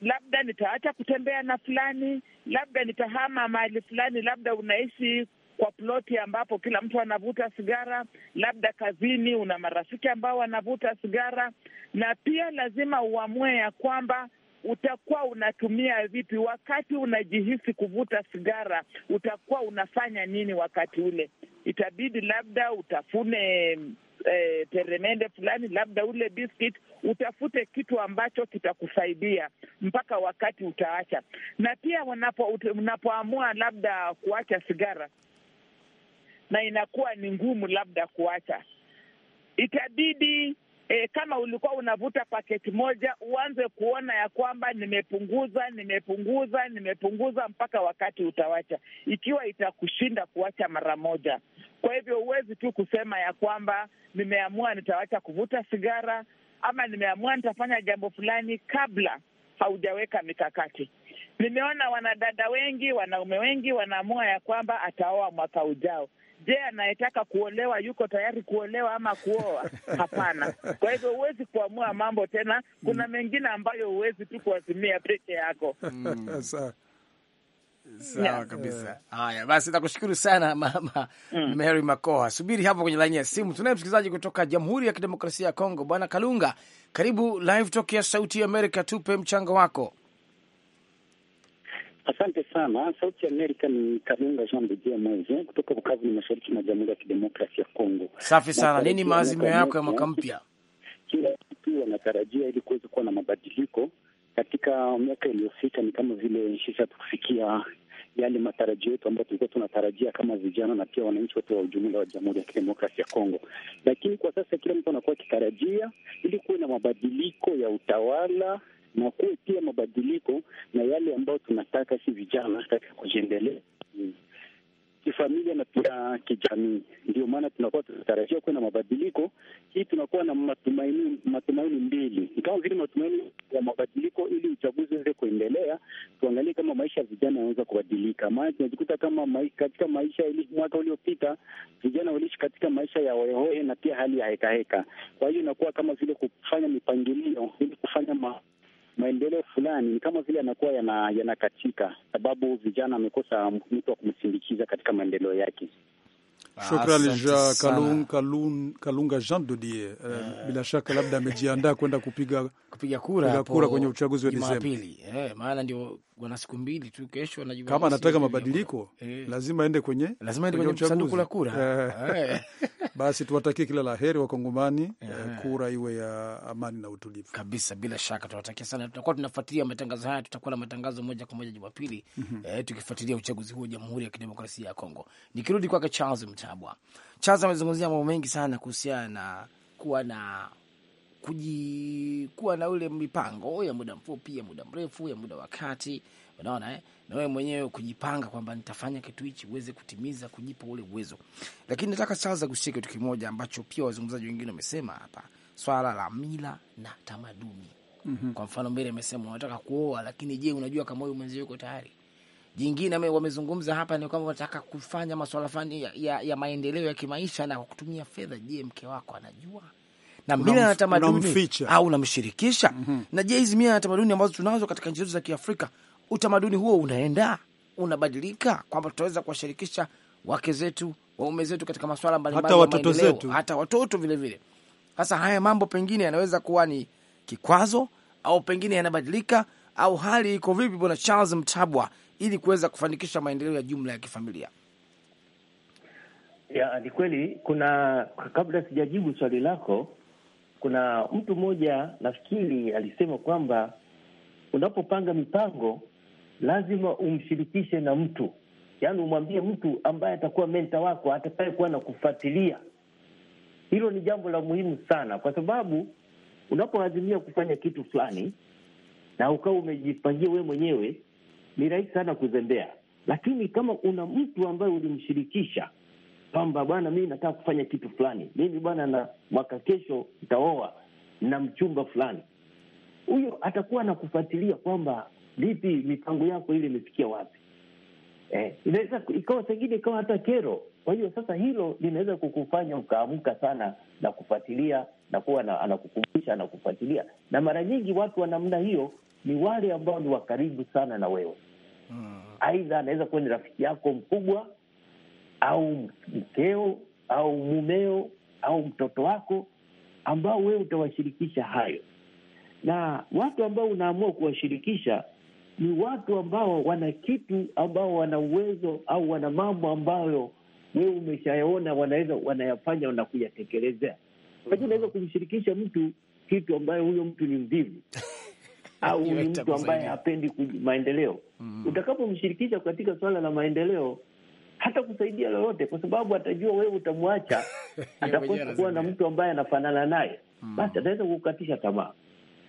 labda nitaacha kutembea na fulani, labda nitahama mahali fulani, labda unaishi kwa ploti ambapo kila mtu anavuta sigara, labda kazini una marafiki ambao wanavuta sigara, na pia lazima uamue ya kwamba utakuwa unatumia vipi wakati unajihisi kuvuta sigara, utakuwa unafanya nini wakati ule? Itabidi labda utafune E, peremende fulani labda ule biscuit, utafute kitu ambacho kitakusaidia mpaka wakati utaacha. Na pia unapoamua labda kuacha sigara, na inakuwa ni ngumu labda kuacha. Itabidi e, kama ulikuwa unavuta paketi moja uanze kuona ya kwamba nimepunguza, nimepunguza, nimepunguza mpaka wakati utawacha, ikiwa itakushinda kuacha mara moja. Kwa hivyo huwezi tu kusema ya kwamba nimeamua nitawacha kuvuta sigara ama nimeamua nitafanya jambo fulani kabla haujaweka mikakati. Nimeona wanadada wengi, wanaume wengi wanaamua ya kwamba ataoa mwaka ujao, Je, anayetaka kuolewa yuko tayari kuolewa ama kuoa? Hapana. Kwa hivyo huwezi kuamua mambo tena, kuna mm. mengine ambayo huwezi tu kuazimia peke yako. Mm. Sawa kabisa. Haya basi, nakushukuru sana mama mm. Mary Makoha. Subiri hapo kwenye laini ya simu, tunaye msikilizaji kutoka Jamhuri ya Kidemokrasia ya Kongo. Bwana Kalunga, karibu Live Talk ya Sauti ya Amerika, tupe mchango wako. Asante sana. Sauti ya Amerika ni Kalunga Jean de Dieu kutoka Bukavu ni mashariki mwa Jamhuri ya kidemokrasi ya Kongo. Safi sana. Nini maazimio yako ya mwaka mpya? Kila kitu wanatarajia ili kuweza kuwa na mabadiliko katika miaka iliyopita, ni kama vile sisi tukufikia yale matarajio yetu ambayo tulikuwa tunatarajia kama vijana na pia wananchi wote wa ujumla wa Jamhuri ya Kidemokrasi ya Kongo. Lakini kwa sasa kila mtu anakuwa akitarajia ili kuwe na mabadiliko ya utawala na kuwe pia mabadiliko na yale ambayo tunataka si vijana katika kujiendelea kifamilia na pia kijamii. Ndio maana tunakuwa tunatarajia kuwe na mabadiliko hii. Tunakuwa na matumaini matumaini mbili, ni kama vile matumaini ya mabadiliko, ili uchaguzi uweze kuendelea. Tuangalie kama maisha ya vijana yanaweza kubadilika, maana tunajikuta kama mai, katika maisha ili, mwaka uliopita vijana waliishi katika maisha ya hoehoe na pia hali ya hekaheka. Kwa hiyo inakuwa kama vile kufanya mipangilio ili kufanya ma maendeleo fulani ni kama vile yanakuwa yanakatika, yana sababu vijana wamekosa mtu wa kumsindikiza katika maendeleo yake. Shukrani ja Kalung, Kalung, Kalunga Jean Dodie. Uh, eh, uh, eh. bila shaka labda amejiandaa kwenda kupiga, kupiga kura, kupiga kura kwenye uchaguzi wa Desemba eh, maana ndio wana siku mbili tu, kesho anajua. Kama anataka mabadiliko eh, lazima aende kwenye, lazima aende kwenye kwenye sanduku la kura eh. eh. Basi tuwatakie kila la heri Wakongomani eh, kura iwe ya amani na utulivu kabisa. Bila shaka tunawatakia sana, tutakuwa tunafuatilia matangazo haya, tutakuwa na matangazo moja kwa moja Jumapili mm -hmm. eh, tukifuatilia uchaguzi huu wa Jamhuri ya Kidemokrasia ya Kongo. Nikirudi kwake Charles Tabwa. Chaza amezungumzia mambo mengi sana kuhusiana na kuwa na kuji kuwa na ule mipango ya muda mfupi, ya muda mrefu, ya muda wakati, unaona eh? na wewe mwenyewe kujipanga kwamba nitafanya kitu hichi uweze kutimiza, kujipa ule uwezo. Lakini nataka sasa kushika kitu kimoja ambacho pia wazungumzaji wengine wamesema hapa, swala la mila na tamaduni. Mm -hmm. Kwa mfano mbele amesema unataka kuoa, lakini je, unajua kama huyu mwenzio yuko tayari? Jingine wamezungumza hapa ni kwamba wanataka kufanya masuala fulani ya, ya, ya maendeleo ya kimaisha na kutumia fedha. Je, mke wako anajua na mila na tamaduni au unamshirikisha? mm -hmm. Na je hizi mila na tamaduni ambazo tunazo katika nchi zetu za Kiafrika, utamaduni huo unaenda unabadilika, kwamba tutaweza kuwashirikisha wake zetu waume zetu katika masuala mbalimbali hata watoto zetu, hata watoto vile vile. Sasa haya mambo pengine yanaweza kuwa ni kikwazo au pengine yanabadilika au hali iko vipi, Bwana Charles Mtabwa? ili kuweza kufanikisha maendeleo ya jumla ya kifamilia? Ya, ni kweli kuna, kabla sijajibu swali lako, kuna mtu mmoja nafikiri alisema kwamba unapopanga mipango lazima umshirikishe na mtu, yaani umwambie mtu ambaye atakuwa menta wako atakayekuwa na kufuatilia. Hilo ni jambo la muhimu sana, kwa sababu unapoazimia kufanya kitu fulani na ukawa umejipangia wewe mwenyewe ni rahisi sana kuzembea, lakini kama una mtu ambaye ulimshirikisha kwamba bwana, mimi nataka kufanya kitu fulani, mimi bwana, na mwaka kesho nitaoa na mchumba fulani, huyo atakuwa anakufuatilia kwamba vipi, mipango yako ile imefikia wapi. Eh, inaweza ikawa sengine ikawa hata kero. Kwa hiyo sasa hilo linaweza kukufanya ukaamka sana na kufuatilia na kuwa anakukumbusha, anakufuatilia, na mara nyingi watu wa namna hiyo ni wale ambao ni wakaribu sana na wewe mm. Aidha anaweza kuwa ni rafiki yako mkubwa au mkeo au mumeo au mtoto wako, ambao wewe utawashirikisha hayo, na watu ambao unaamua kuwashirikisha ni watu ambao wana kitu, ambao wana uwezo au wana mambo ambayo wewe umeshayaona wanaweza wanayafanya na kuyatekelezea. Unajua, unaweza hmm. kumshirikisha mtu kitu ambayo huyo mtu ni mvivu au ni mtu ambaye hapendi maendeleo mm Utakapomshirikisha katika suala la maendeleo hata kusaidia lolote, kwa sababu atajua wewe utamwacha atakosa kuwa na mtu ambaye anafanana naye mm Basi ataweza kukatisha tamaa.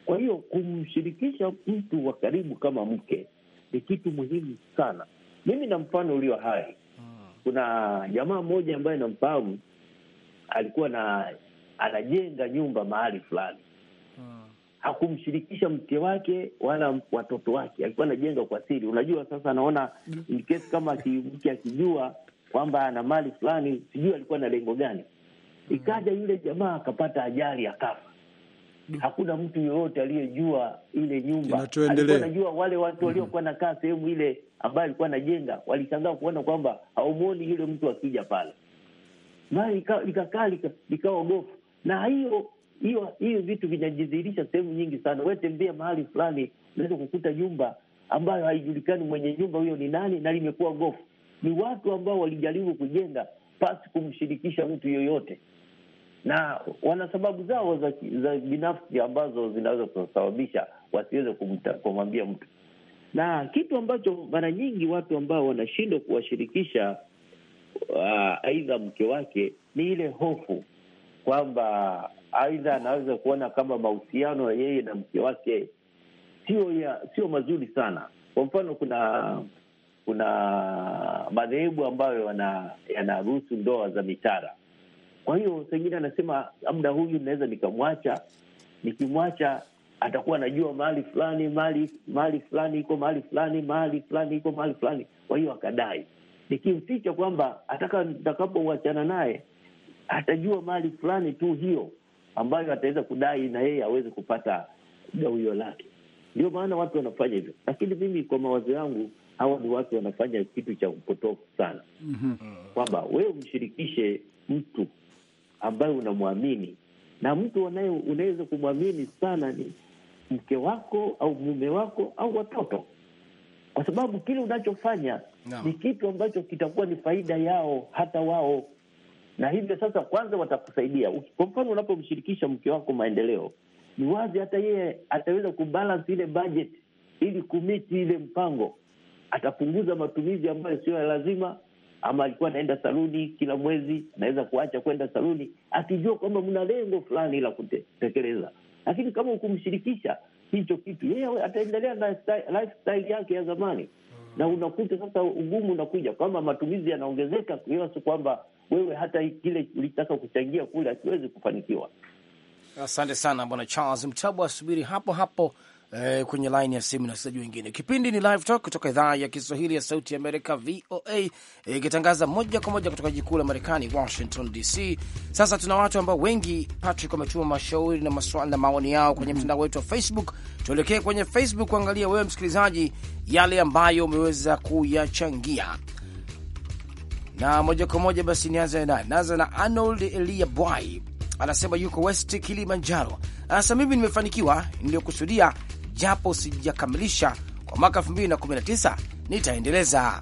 Kwa hiyo kumshirikisha mtu wa karibu kama mke ni kitu muhimu sana. Mimi na mfano ulio hai, mm-hmm. kuna jamaa mmoja ambaye namfahamu alikuwa na anajenga nyumba mahali fulani hakumshirikisha mke wake wala watoto wake, alikuwa anajenga kwa siri. Unajua, sasa anaona kesi kama mke akijua kwamba ana mali fulani, sijui alikuwa na lengo gani. Ikaja yule jamaa akapata ajali akafa, hakuna mtu yoyote aliyejua ile nyumba. Najua wale watu waliokuwa nakaa sehemu ile ambayo alikuwa anajenga, walishangaa kuona kwamba haumwoni yule mtu akija pale, ikakaa likakaa likawa gofu, na hiyo hiyo hiyo vitu vinajidhihirisha sehemu nyingi sana. We tembea mahali fulani, unaweza kukuta nyumba ambayo haijulikani mwenye nyumba huyo ni nani, na limekuwa gofu. Ni watu ambao walijaribu kujenga pasi kumshirikisha mtu yoyote, na wana sababu zao za, za binafsi ambazo zinaweza kusababisha wasiweze kumwambia mtu, na kitu ambacho mara nyingi watu ambao wanashindwa kuwashirikisha uh, aidha uh, mke wake ni ile hofu kwamba aidha anaweza kuona kama mahusiano yeye na mke wake sio ya sio mazuri sana. Kwa mfano, kuna kuna madhehebu ambayo yanaruhusu ndoa za mitara. Kwa hiyo sengine anasema labda ah, huyu naweza nikamwacha, nikimwacha atakuwa anajua mahali fulani mahali mahali fulani iko mahali fulani mahali fulani iko mahali fulani, kwa hiyo akadai. Nikimficha kwamba ataka nitakapowachana naye atajua mali fulani tu hiyo ambayo ataweza kudai na yeye aweze kupata gawio lake. Ndio maana watu wanafanya hivyo, lakini mimi kwa mawazo yangu hawa ni watu wanafanya kitu cha upotofu sana, mm-hmm. kwamba wewe umshirikishe mtu ambaye unamwamini na mtu unaweza kumwamini sana ni mke wako au mume wako au watoto, kwa sababu kile unachofanya no. ni kitu ambacho kitakuwa ni faida yao, hata wao na hivyo sasa, kwanza watakusaidia. Kwa mfano, unapomshirikisha mke wako maendeleo, ni wazi hata yeye ataweza kubalance ile budget ili kumiti ile mpango. Atapunguza matumizi ambayo sio ya lazima, ama alikuwa anaenda saluni kila mwezi, anaweza kuacha kwenda saluni akijua kwamba mna lengo fulani la kutekeleza. Lakini kama ukumshirikisha hicho kitu, yeye ataendelea na lifestyle yake ya zamani, hmm. na unakuta sasa ugumu unakuja kwamba matumizi yanaongezeka, kiasi kwamba wewe hata kile ulitaka kuchangia kule hakiwezi kufanikiwa. Asante sana Bwana Charles Mtabu, asubiri hapo hapo eh, kwenye laini ya simu na wasikilizaji wengine. Kipindi ni Live Talk kutoka idhaa ya Kiswahili ya Sauti ya Amerika, VOA, ikitangaza eh, moja kwa moja kutoka jikuu la Marekani, Washington DC. Sasa tuna watu ambao wengi, Patrick, wametuma mashauri na maswali na maoni yao kwenye mtandao wetu wa Facebook. Tuelekee kwenye Facebook kuangalia wewe msikilizaji, yale ambayo umeweza kuyachangia na moja kwa moja basi nianze na naza na Arnold Elia Bwai, anasema yuko West Kilimanjaro. Anasema mimi nimefanikiwa niliyokusudia, japo sijakamilisha kwa mwaka 2019 nitaendeleza.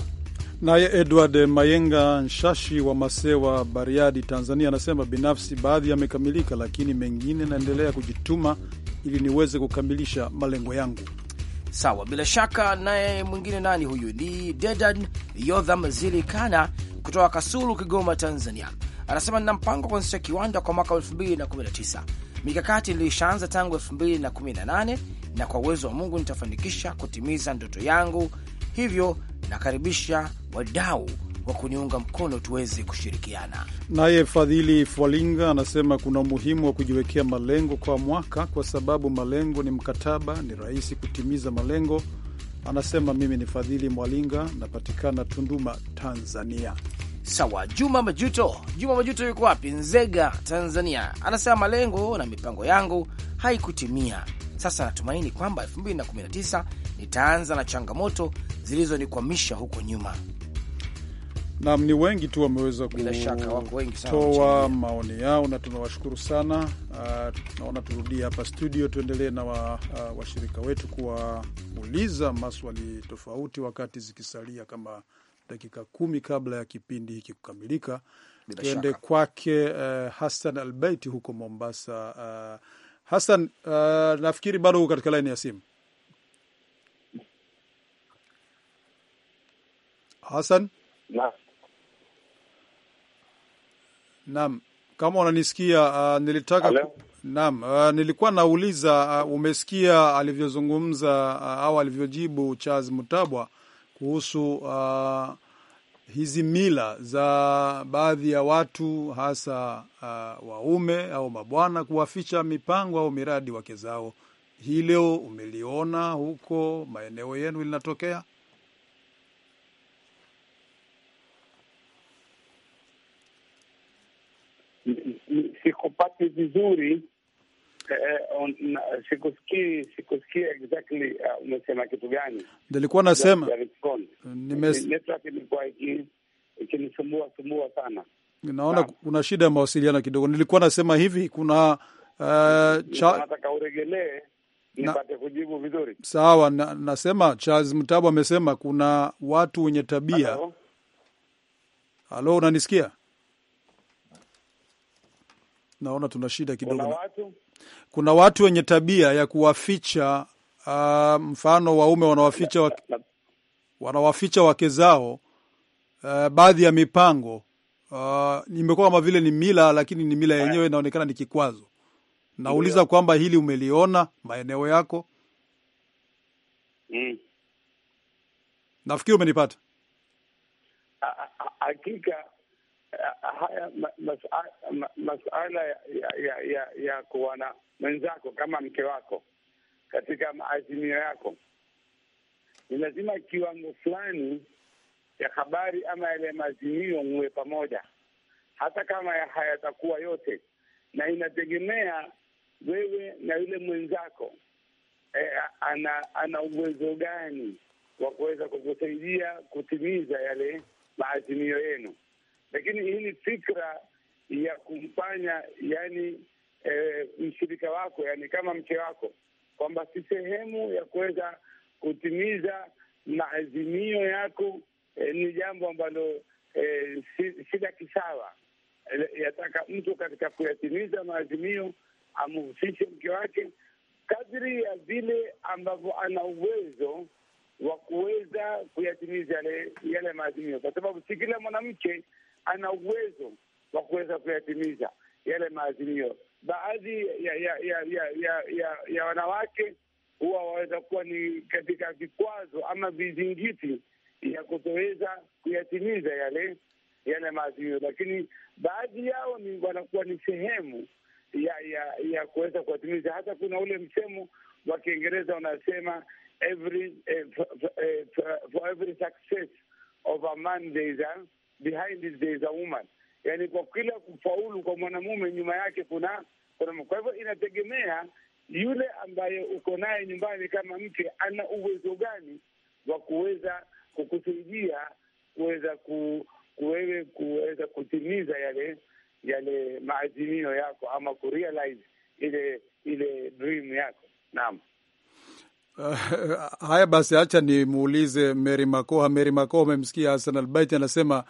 Naye Edward Mayenga Nshashi wa Masewa, Bariadi, Tanzania, anasema binafsi baadhi yamekamilika, lakini mengine naendelea kujituma ili niweze kukamilisha malengo yangu. Sawa, bila shaka. Naye mwingine nani huyu? Ni Dedan Yodham Zilikana kutoka Kasulu, Kigoma, Tanzania, anasema nina mpango kuanzisha kiwanda kwa mwaka 2019. Mikakati nilishaanza tangu 2018 na kwa uwezo wa Mungu nitafanikisha kutimiza ndoto yangu, hivyo nakaribisha wadau wa kuniunga mkono tuweze kushirikiana. Naye Fadhili Fwalinga anasema kuna umuhimu wa kujiwekea malengo kwa mwaka, kwa sababu malengo ni mkataba, ni rahisi kutimiza malengo. Anasema mimi ni Fadhili Mwalinga, napatikana Tunduma, Tanzania. Sawa. Juma Majuto, Juma Majuto yuko wapi? Nzega, Tanzania, anasema malengo na mipango yangu haikutimia. Sasa natumaini kwamba 2019 nitaanza na changamoto zilizonikwamisha huko nyuma. Nam, ni wengi tu wameweza kutoa maoni yao na tunawashukuru sana. Uh, ah, naona turudie hapa studio, tuendelee na ah, washirika wa, uh, wetu kuwauliza maswali tofauti wakati zikisalia kama dakika kumi kabla ya kipindi hiki kukamilika. Tuende kwake uh, Hassan Albeiti huko Mombasa. Uh, Hassan, uh, nafikiri bado huko katika laini ya simu. Hassan na. kama unanisikia uh, nilitaka naam, uh, nilikuwa nauliza uh, umesikia alivyozungumza uh, au alivyojibu Charles Mutabwa kuhusu uh, hizi mila za baadhi ya watu hasa uh, waume au mabwana kuwaficha mipango au miradi wake zao. hilo umeliona huko maeneo yenu linatokea? Sikupati vizuri Eh, eh, sikusikii sikusikii exactly uh, umesema kitu gani? Nilikuwa nasema eh, network ilikuwa ikinisumbua sumbua sana. Naona kuna shida ya mawasiliano kidogo. Nilikuwa nasema hivi kuna uh, nataka uregelee nipate kujibu vizuri. Sawa, nasema Charles Mtabu amesema kuna watu wenye tabia. Halo, unanisikia? Naona tuna shida kidogo kuna watu wenye tabia ya kuwaficha uh, mfano waume wanawaficha wake, wanawaficha wake zao uh, baadhi ya mipango uh, imekuwa kama vile ni mila, lakini ni mila yenyewe inaonekana ni kikwazo. Nauliza kwamba hili umeliona maeneo yako? mm. Nafikiri umenipata. Hakika haya masuala ya ya kuwa na mwenzako kama mke wako katika maazimio yako, ni lazima kiwango fulani ya habari ama yale maazimio muwe pamoja, hata kama hayatakuwa yote, na inategemea wewe na yule mwenzako e, ana ana uwezo gani wa kuweza kukusaidia kutimiza yale maazimio yenu lakini hili fikra ya kumfanya yani e, mshirika wako yani kama mke wako kwamba si sehemu ya kuweza kutimiza maazimio yako e, ni jambo ambalo e, si, la kisawa. E, yataka mtu katika kuyatimiza maazimio amhusishe mke wake kadri ya vile ambavyo ana uwezo wa kuweza kuyatimiza yale, yale maazimio, kwa sababu si kila mwanamke ana uwezo wa kuweza kuyatimiza yale maazimio. Baadhi ya ya ya ya ya, ya, ya wanawake huwa waweza kuwa ni katika vikwazo ama vizingiti ya kutoweza kuyatimiza yale yale maazimio, lakini baadhi yao ni wanakuwa ni sehemu ya ya ya kuweza kuwatimiza. Hata kuna ule msemo wa Kiingereza unasema every, eh, for, eh, for every success of a man there is a behind is there is a woman, yani kwa kila kufaulu kwa mwanamume nyuma yake kuna, kuna. Kwa hivyo inategemea yule ambaye uko naye nyumbani kama mke ana uwezo gani wa kuweza kukusaidia kuweza ku, kuwewe kuweza kutimiza yale yale maazimio yako ama kurealize ile ile dream yako. Naam. Uh, haya basi, acha nimuulize Mary Makoha. Mary Makoha, umemsikia Hasan anasema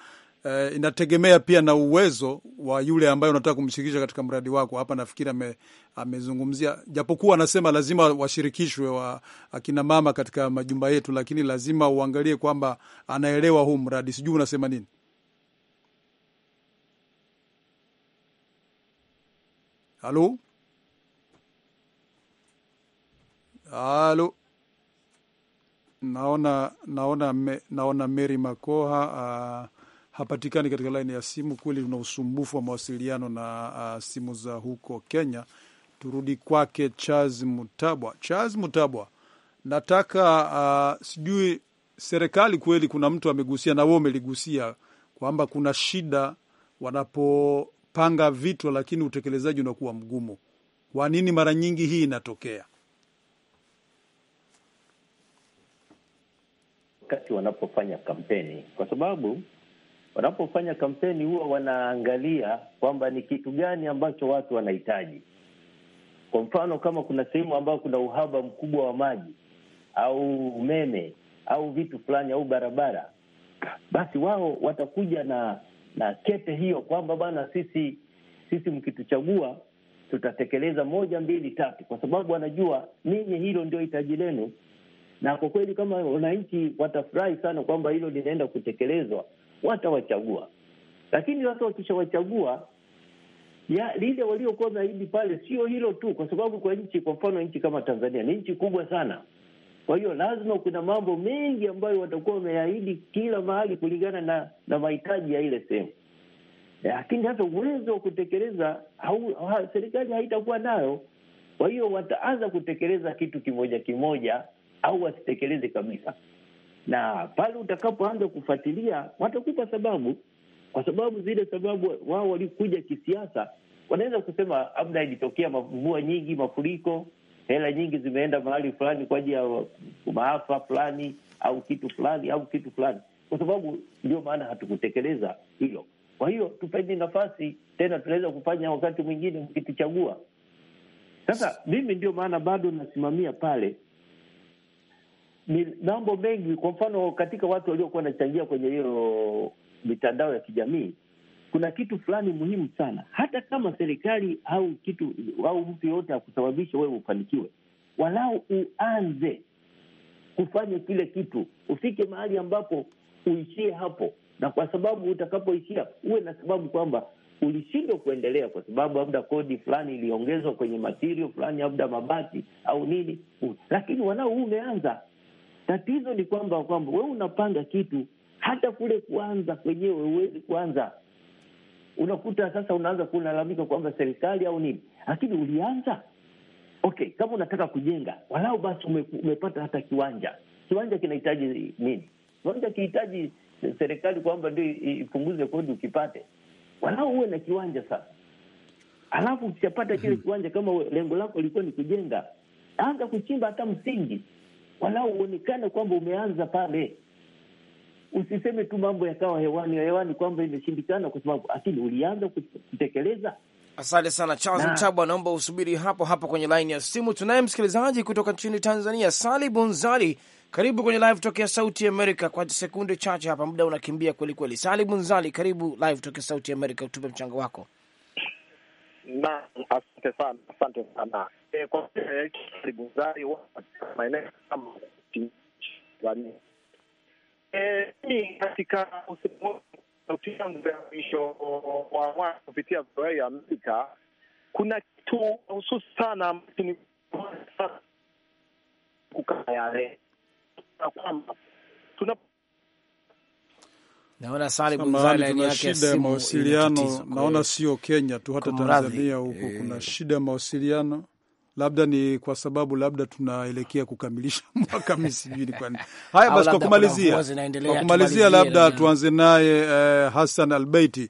Uh, inategemea pia na uwezo wa yule ambaye unataka kumshirikisha katika mradi wako. Hapa nafikiri amezungumzia, japokuwa anasema lazima washirikishwe wa akina mama katika majumba yetu, lakini lazima uangalie kwamba anaelewa huu mradi. Sijui unasema nini? Halo, halo, naona naona, me, naona Mary Makoha uh, hapatikani katika laini ya simu. Kweli tuna usumbufu wa mawasiliano na uh, simu za huko Kenya. Turudi kwake Charles Mutabwa. Charles Mutabwa, nataka uh, sijui serikali kweli, kuna mtu amegusia na we umeligusia kwamba kuna shida wanapopanga vitu, lakini utekelezaji unakuwa mgumu. Kwa nini mara nyingi hii inatokea? Wakati wanapofanya kampeni, kwa sababu wanapofanya kampeni huwa wanaangalia kwamba ni kitu gani ambacho watu wanahitaji. Kwa mfano, kama kuna sehemu ambayo kuna uhaba mkubwa wa maji au umeme au vitu fulani au barabara, basi wao watakuja na na kete hiyo kwamba bana sisi sisi mkituchagua tutatekeleza moja mbili tatu, kwa sababu wanajua ninyi hilo ndio hitaji lenu. Na kwa kweli, kama wananchi watafurahi sana kwamba hilo linaenda kutekelezwa, watawachagua, lakini sasa wakishawachagua ya lile waliokuwa wameahidi pale, sio hilo tu, kwa sababu kwa nchi, kwa mfano nchi kama Tanzania ni nchi kubwa sana. Kwa hiyo lazima kuna mambo mengi ambayo watakuwa wameahidi kila mahali kulingana na na mahitaji ya ile sehemu, lakini hata uwezo wa kutekeleza ha, serikali haitakuwa nayo. Kwa hiyo wataanza kutekeleza kitu kimoja kimoja au wasitekeleze kabisa na pale utakapoanza kufuatilia watakupa sababu, kwa sababu zile sababu wao walikuja kisiasa. Wanaweza kusema labda ilitokea mvua nyingi, mafuriko, hela nyingi zimeenda mahali fulani kwa ajili ya maafa fulani au kitu fulani au kitu fulani, kwa sababu ndio maana hatukutekeleza hilo. Kwa hiyo tupeni nafasi tena, tunaweza kufanya wakati mwingine mkituchagua. Sasa mimi ndio maana bado nasimamia pale ni mambo mengi. Kwa mfano, katika watu waliokuwa wanachangia kwenye hiyo mitandao ya kijamii, kuna kitu fulani muhimu sana. Hata kama serikali au kitu au mtu yoyote akusababisha wewe ufanikiwe, walau uanze kufanya kile kitu, ufike mahali ambapo uishie hapo, na kwa sababu utakapoishia uwe na sababu kwamba ulishindwa kuendelea kwa sababu labda kodi fulani iliongezwa kwenye material fulani, labda mabati au nini, lakini walau umeanza. Tatizo ni kwamba kwamba wewe unapanga kitu, hata kule kuanza kwenyewe huwezi kuanza. Unakuta sasa unaanza kulalamika kwamba serikali au nini, lakini ulianza okay. Kama unataka kujenga, walau basi ume, umepata hata kiwanja. Kiwanja kinahitaji nini? Kiwanja kinahitaji serikali kwamba ndio ipunguze kodi ukipate, walau uwe na kiwanja sasa. Alafu ukishapata kile mhm. kiwanja, kama lengo lako lilikuwa ni kujenga, anza kuchimba hata msingi walau uonekane kwamba umeanza pale. Usiseme tu mambo yakawa hewani hewani kwamba imeshindikana, kwa sababu akili ulianza kutekeleza. Asante sana Charles Mtabwa, naomba usubiri hapo hapo kwenye laini ya simu. Tunaye msikilizaji kutoka nchini Tanzania, Sali Bunzali, karibu kwenye live tokea Sauti Amerika. Kwa sekunde chache hapa, muda unakimbia kweli kweli. Sali Bunzali, karibu live tokea Sauti Amerika, utupe mchango wako. Na asante sana, asante sana Eh, kwa eh, eh, mimi katika sauti yangu ya mwisho wa mwaka kupitia VOA ya Amerika, kuna kitu hususi sana ambacho ni kukaa yale kwamba tuna naona shida ya mawasiliano. Naona sio Kenya tu, hata Tanzania huko kuna shida ya mawasiliano labda ni kwa sababu labda tunaelekea kukamilisha mwaka sijui ni kwani. Haya basi, kwa kumalizia, kwa kumalizia labda tuanze naye eh, Hassan Albeiti,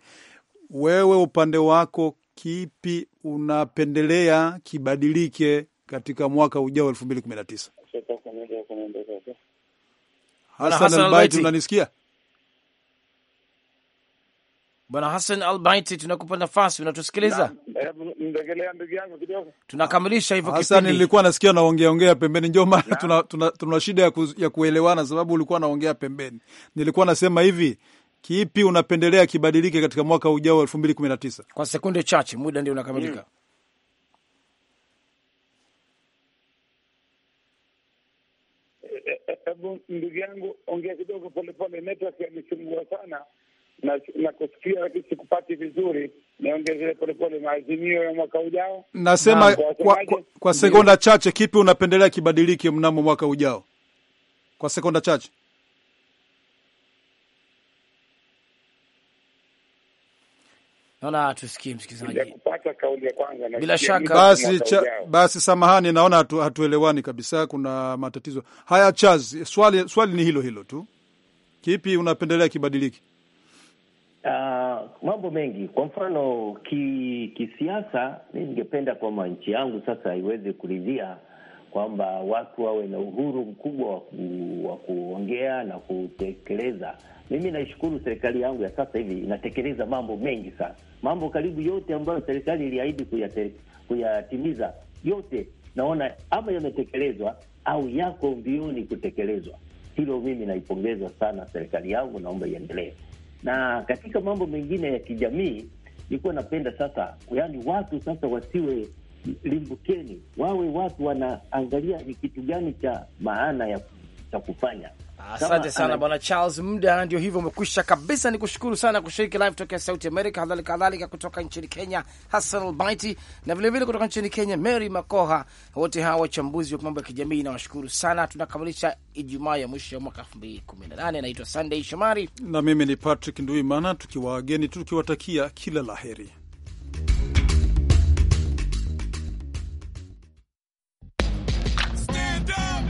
wewe upande wako kipi unapendelea kibadilike katika mwaka ujao elfu mbili kumi na tisa? Hassan Albeiti, unanisikia? Bwana Hassan Albaiti, tunakupa nafasi, unatusikiliza tunakamilisha hivyo kipindi. Nilikuwa nasikia naongeaongea pembeni, ndio maana tuna, tuna, tuna shida ya, ku, ya kuelewana, sababu ulikuwa naongea pembeni. Nilikuwa nasema hivi, kipi unapendelea kibadilike katika mwaka ujao wa elfu mbili kumi na tisa? Kwa sekunde chache, muda ndio unakamilika mm. E, e, e, ndugu yangu ongea kidogo polepole, network yanisumbua sana na, na kusikia lakini sikupati vizuri, niongezee polepole maazimio ya mwaka ujao. Nasema na, kwa, kwa, kwa, sekonda chache, kipi unapendelea kibadilike mnamo mwaka ujao? Kwa sekonda chache. Naona tusikie msikilizaji. Bila shaka basi, cha, basi samahani, naona hatu, hatuelewani kabisa, kuna matatizo haya. Chaz, swali swali ni hilo hilo tu, kipi unapendelea kibadiliki? Uh, mambo mengi kwa mfano ki, kisiasa mi ningependa kwamba nchi yangu sasa iweze kuridhia kwamba watu wawe na uhuru mkubwa wa kuongea na kutekeleza. Mimi naishukuru serikali yangu ya sasa hivi inatekeleza mambo mengi sana, mambo karibu yote ambayo serikali iliahidi kuyatimiza yote naona ama yametekelezwa au yako mbioni kutekelezwa. Hilo mimi naipongeza sana serikali yangu, naomba iendelee. Na katika mambo mengine ya kijamii, nilikuwa napenda sasa, yaani watu sasa wasiwe limbukeni, wawe watu wanaangalia ni kitu gani cha maana ya, cha kufanya Asante sana bwana Charles, muda ndio hivyo umekwisha kabisa. Ni kushukuru sana kushiriki live kutoka Sauti Amerika, halhali kadhalika kutoka nchini Kenya Hassan Albaiti na vilevile vile kutoka nchini Kenya Mary Makoha, wote hawa wachambuzi wa mambo ya kijamii nawashukuru sana. Tunakamilisha Ijumaa ya mwisho ya mwaka elfu mbili kumi na nane. Naitwa Sandey Shomari na mimi ni Patrick Nduimana, tukiwaageni tukiwatakia kila la heri.